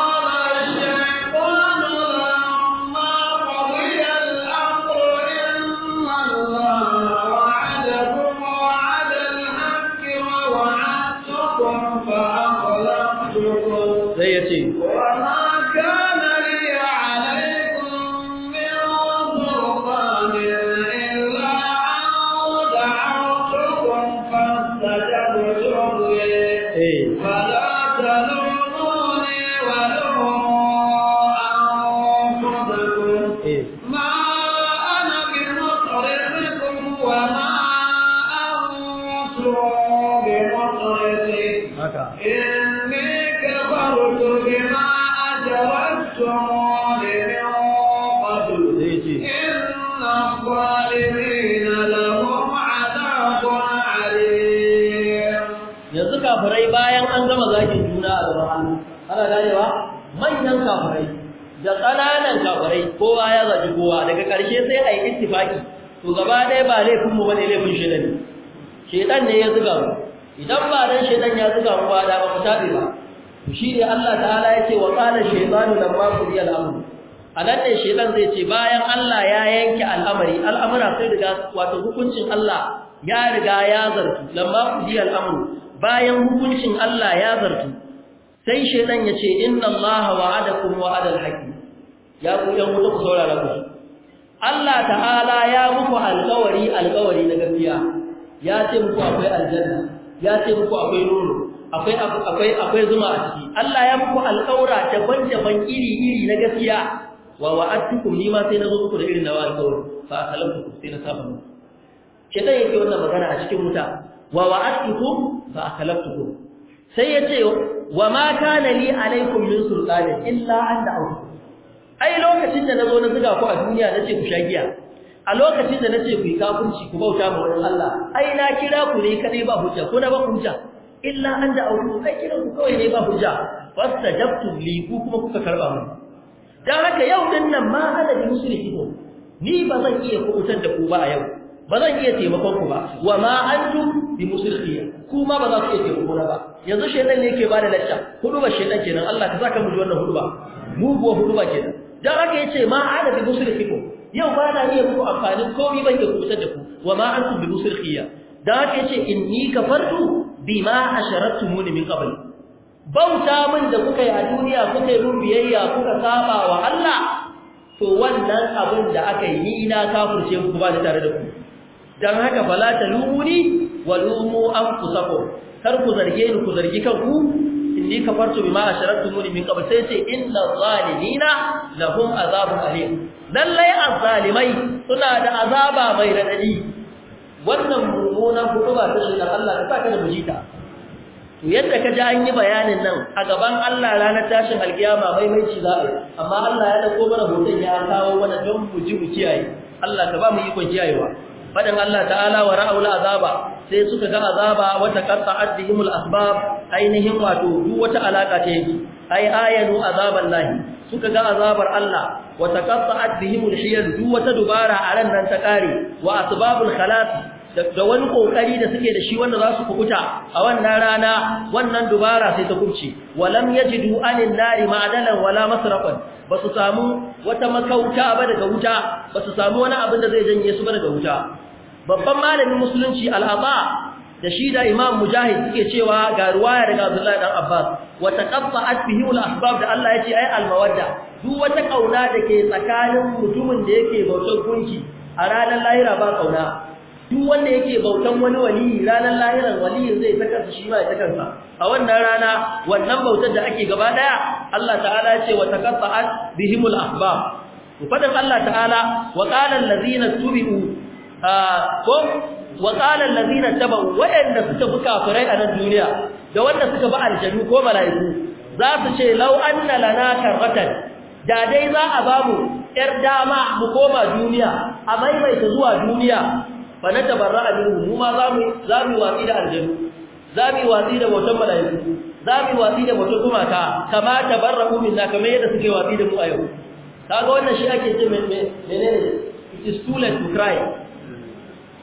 Speaker 1: ƙarshe sai a yi ittifaki to gaba ɗaya ba laifinmu ba bane laifin ne shaitan ne ya zuga mu idan ba dan shaitan ya zuga mu ba da ba mu tabi ba shi ne Allah ta'ala ce wa qala shaytanu lamma bi al-amr anan ne shaitan zai ce bayan Allah ya yanke al'amari al'amura sai daga wato hukuncin Allah ya riga ya zartu lamma qudiya al-amr bayan hukuncin Allah ya zartu sai shaitan ya ce inna Allah wa'adakum wa'adal haqq ya ku yan wuta ku saurara ku Allah ta'ala ya muku alƙawari alƙawari na gaskiya ya ce muku akwai aljanna ya ce muku akwai nuru akwai akwai akwai zuma a ciki Allah ya muku ta daban-daban iri-iri na gaskiya wa wa'adtukum ni ma sai na zo muku da irin nawa alƙawari fa akalamtukum sai na saba muku dai yake wannan magana a cikin wuta wa wa'adtukum fa ku. sai yace wa ma kana li alaikum min sultani illa an da'awtukum ai lokacin da nazo na zuga ku a duniya nace ku shagiya a lokacin da nace ku yi kafirci ku bauta ma wani Allah ai na kira ku ne kadai ba hujja ko na ba hujja
Speaker 2: illa an da auru ai kira ku kawai ne ba
Speaker 1: hujja fastajabtu li ku kuma kuka karba mu dan haka yau din nan ma ana bi musulmi ni ba zan iya kubutar da ku ba a yau ba zan iya taimakon ku ba wa ma antum bi musulmi kuma ba za ku iya taimako na ba yanzu shedan ne yake da lacca hudu ba shedan kenan Allah ka saka mu ji wannan hudu ba mu buwa hudu ba kenan dan haka ce ma ana bi musul fiko yau ba na iya muku amfanin komai ban ya kusa da ku wa ma an bi musul khiya Don haka yace inni kafartu bima asharattumuni min qabl bauta min da kuka yi a duniya kuka yi mun biyayya kuka saba wa Allah to wannan abin da aka yi ni ina kafirce ku ba tare da ku dan haka fala ni? wa lumu anfusakum kar ku zarge ni ku zargi kanku inni kafartu bima asharaktumuni min qabl sai ce inna zalimina lahum azabun alim lallai azzalimai suna da azaba mai radadi wannan mummunan hukuma ta shi Allah ta saka da mujita to yadda ka ji an yi bayanin nan a gaban Allah ranar tashin alkiyama mai mai ci za a yi amma Allah ya dauko mana hoton ya kawo mana don mu ji mu Allah ta ba mu ikon kiyayewa fadin Allah ta'ala wa ra'aul azaba sai suka ga azaba wata qatta'at bihimul asbab ainihin wato duk wata alaka ta yake ai ayanu azaban lahi suka ga azabar Allah wata qatta'at bihimul hiyal duk wata dubara a ran nan ta kare wa asbabul khalas da wani kokari da suke da shi wanda za su kukuta a wannan rana wannan dubara sai ta kubce walam yajidu anin nari ma'adalan wala masrafan ba su samu wata makauta ba daga wuta ba su samu wani abin da zai janye su ba daga wuta babban malamin musulunci al'aba da shi da imam mujahid suke cewa ga ruwaya daga abdullahi dan abbas wa taqatta'at bihi al asbab da Allah yace ai al mawadda duk wata kauna dake tsakanin mutumin da yake bautar gunki a ranar lahira ba kauna duk wanda yake bautan wani wali ranar lahiran wali zai saka su shi ma ya saka sa a wannan rana wannan bautar da ake gaba daya Allah ta'ala yace wa taqatta'at bihi al asbab fadin Allah ta'ala wa qala allazina tubi'u ko wa qala allazina tabu wadanda suka buka kafirai a nan duniya da wanda suka ba aljannu ko mala'iku za su ce law anna lana karatan da dai za a ba mu yar dama mu koma duniya a maimaita zuwa duniya fa na tabarra'a minhum mu ma za mu za mu watsi da aljanu za mu watsi da bautan mala'iku za mu watsi da bautan gumaka kama mu minna kamar yadda suke watsi da mu a yau kaga wannan shi ake ce menene it is too late to cry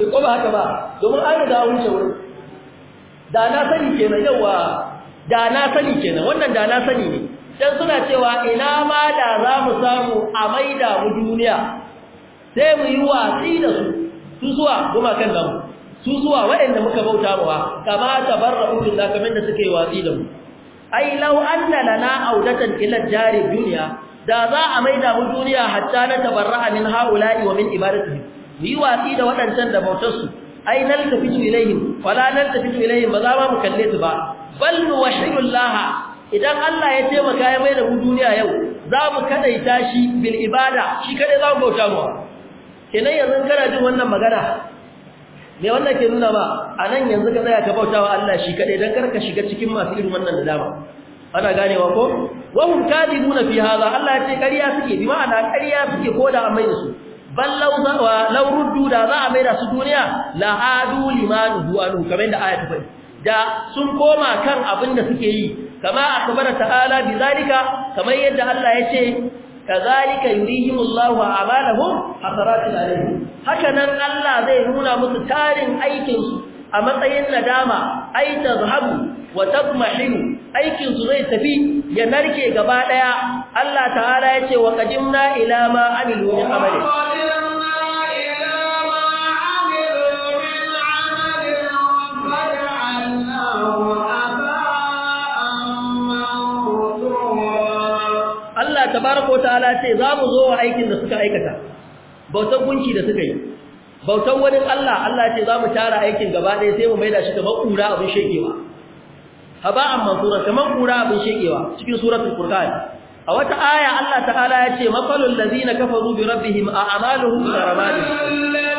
Speaker 1: ko ba haka ba domin an riga wuce wurin da na sani kenan yawa da na sani kenan wannan da na sani ne dan suna cewa ina ma da za mu samu a maida mu duniya sai mu yi watsi da su su zuwa kan nan su zuwa waɗanda muka bauta ba kama tabarra'u billah kamar da suke watsi da mu ai law anna lana audatan ila jari duniya da za a maida mu duniya hatta na tabarra'a min haula'i wa min ibadatihi mu yi watsi da waɗancan da bautarsu ai nan tafitu ilaihim wala nan tafitu ilaihim ba za mu kalle su ba bal nuwahhidu Allah idan Allah ya taimaka ya mai da mu duniya yau za mu kadaita shi bil ibada shi kadai za mu bauta mu kenan yanzu kana jin wannan magana me wannan ke nuna ba anan yanzu ka tsaya ka bauta wa Allah shi kadai dan karka shiga cikin masu irin wannan da dama ana ganewa ko wa hum kadibuna fi hadha Allah ya ce ƙarya suke bi ma'ana ƙarya suke koda amai da su bal law ruddu da za a maida su duniya la hadu liman du'anu kamar da aya ta da sun koma kan abin da suke yi kama akbara ta'ala bi zalika kamar yadda Allah ya ce kazalika yurihimullahu a'malahum hasaratin alaihim haka nan Allah zai nuna musu tarin aikin su a matsayin nadama ai tazhabu wa tadmahinu aikin su zai tafi ya narke gaba daya Allah ta'ala yace wa qadimna ila ma amilu min
Speaker 2: amali Allah tabaraka wa ta'ala ce za mu zo wa aikin da suka
Speaker 1: aikata bautar gunki da suka yi bautan wani Allah Allah ce za mu tara aikin gaba ɗaya sai mu maida shi kamar ƙura abin shekewa amma mansura kamar ƙura abin shekewa cikin suratul furqan a wata aya Allah ta'ala ya ce mafalul ladzina kafaru bi rabbihim a'maluhum karamadin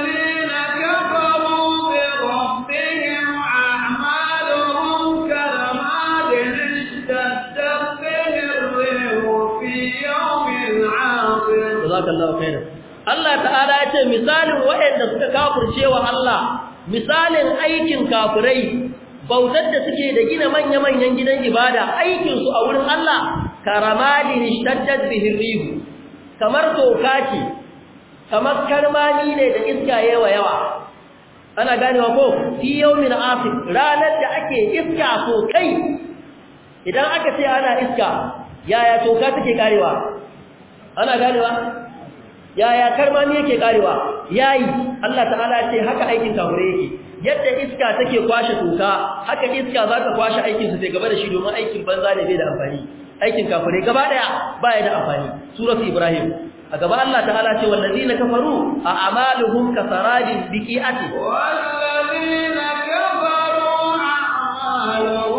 Speaker 1: جزاك الله خيرا Allah ta'ala ya ce misalin waɗanda suka kafurce wa Allah misalin aikin kafirai bautar da suke da gina manya-manyan gidan ibada aikinsu a wurin Allah da shaddat bihin rihu kamar toka ce kamar karmani ne da iska yawa yawa ana ganewa ko fi yawmin asif ranar da ake iska sosai idan aka ce ana iska yaya toka take karewa ana ganewa yaya karma ne yake karewa yayi Allah ta'ala ya ce haka aikin kafure yake yadda iska take kwashe tuka haka iska za ta kwashe aikin su sai gaba da shi domin aikin banza ne bai da amfani aikin kafure gaba daya baya da amfani suratu ibrahim a gaba Allah ta'ala ce wallazina kafaru a amaluhum kasarabin biqi'ati
Speaker 2: wallazina kafaru a'maluhum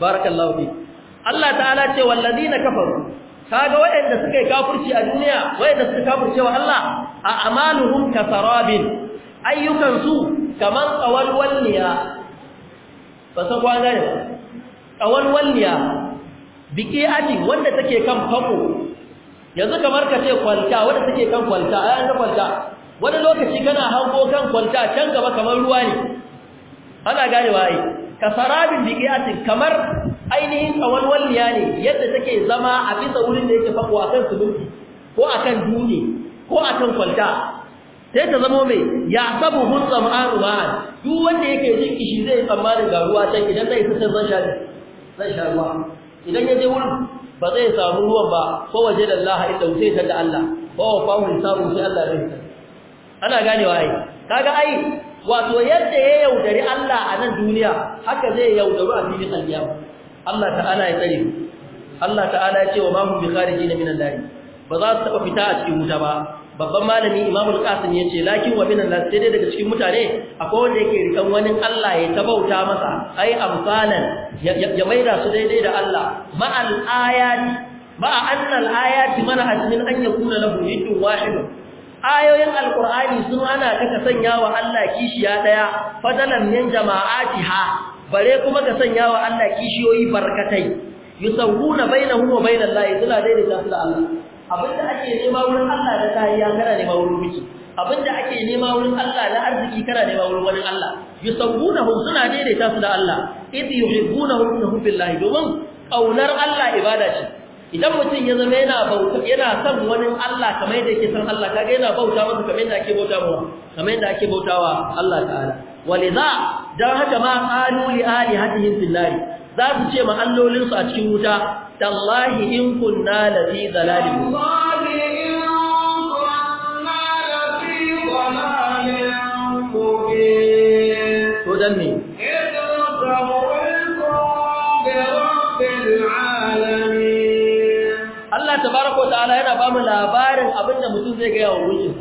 Speaker 1: barakallahu fi Allah ta'ala ce wallazina kafaru kaga waɗanda suka yi kafirci a duniya waɗanda suka kafirce wa Allah a amaluhum kasarabin ayyukansu kaman walliya. ba san kwa gane walliya. qawalwalliya biqi'ati wanda take kan fako yanzu kamar ka ce kwalta wanda take kan kwalta ai an kwalta wani lokaci kana hango kan kwalta can gaba kamar ruwa ne ana ganewa ai kasarabin bigiyatin kamar ainihin kawalwalliya ne yadda take zama a bisa wurin da yake fakuwa kan sulunci ko akan duni ko akan kwalta sai ta zama mai ya sabu hun tsama'an ruwan duk wanda yake jin kishi zai tsammanin ga ruwa can idan zai fitar zan sha zan sha ruwa idan ya je wurin ba zai samu ruwan ba ko waje da Allah illa sai ta da Allah ko wa fahu hisabu sai Allah zai ana ganewa ai kaga ai wato yadda ya yaudari Allah a nan duniya haka zai yaudaru a filin alkiyama Allah ta'ala ya tsare Allah ta'ala ya ce wa mahum bi kharijin min nar ba za su taba fita a cikin wuta ba babban malami Imam al-Qasim ya ce lakin wa min an-nas sai dai daga cikin mutane akwai wanda yake rikan wani Allah ya tabauta masa ai amsalan ya maida su daidai da Allah ma'al ayati ma'a anna al-ayati manahat min an yakuna lahu yadun wahidun ayoyin alkur'ani sun ana ka sanya wa Allah kishiya daya fadalan min jama'atiha bare kuma ka sanya wa Allah kishiyoyi barkatai yusawuna bainahu wa bainal suna daidaita su da Allah abinda ake nema wurin Allah da kariya kana nema wurin miki abinda ake nema wurin Allah na arziki kana nema wurin wani Allah yusawunahum suna daidaita su da Allah idh yuhibbunahum min hubbillah domin kaunar Allah ibada ce idan mutum ya zama yana bauta yana son wani Allah kamar yadda yake son Allah kaga yana bauta masa kamar yadda ake bauta wa kamar yadda ake bautawa Allah ta'ala waliza dan haka ma qalu li alihatihim billah za su ce ma allolin su a cikin wuta tallahi in kunna lafi dalalin
Speaker 2: wallahi in kunna lafi dalalin
Speaker 1: to dan me Allah tabaraka wa ta'ala yana ba mu labarin abinda mutum zai ga yawan gunkin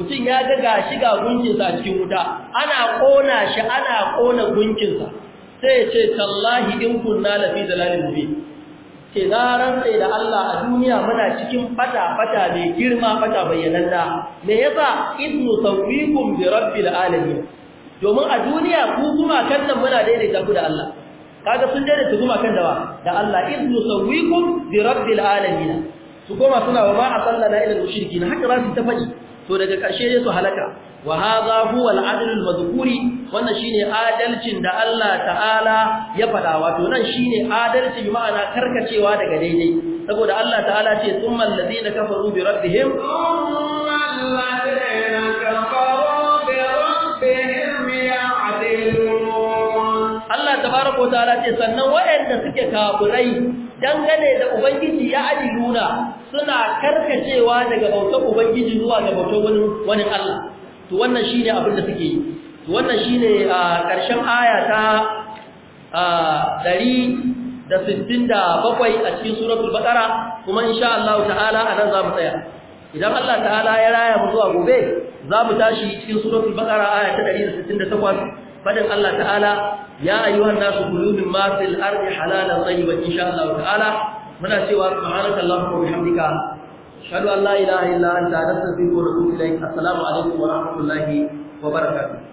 Speaker 1: mutum ya ga gashi ga gunkin sa cikin wuta ana kona shi ana kona gunkin sa sai ya ce tallahi in kunna la fi dalalin mubin ce na sai da Allah a duniya muna cikin fata fata mai girma fata bayyananna me yasa ibnu tawfiqum bi rabbil alamin domin a duniya ku kuma kan nan muna daidaita ku da Allah kaga sun daidaita gumakan kan dawa da Allah idnu sawwikum bi rabbil alamin su koma suna wa ma asallana ila mushrikin haka za su ta faɗi to daga karshe ne su halaka wa hadha huwa al-adl al-madhkuri wannan shine adalcin da Allah ta'ala ya faɗa wato nan shine adalci bi ma'ana karkacewa daga daidai saboda Allah ta'ala ce thumma alladhina kafaru bi rabbihim
Speaker 2: thumma
Speaker 1: tabaraka wataala ce sannan waɗanda suke kafirai dangane da ubangiji ya aji nuna suna karkacewa daga bautar ubangiji zuwa ga bautar wani wani Allah to wannan shine abin da suke yi to wannan shine a ƙarshen aya ta ɗari da da sittin bakwai a cikin suratul baqara kuma insha Allah ta'ala a nan za mu tsaya idan Allah ta'ala ya raya mu zuwa gobe za mu tashi cikin suratul baqara aya ta ɗari da da sittin takwas. fadin Allah ta'ala ya ayyuhan nasu kulu mimma fil ardi halalan tayyiban insha Allah ta'ala muna cewa subhanakallahumma wa bihamdika ashhadu an la ilaha illa anta astaghfiruka wa atubu ilaik assalamu alaikum wa rahmatullahi wa barakatuh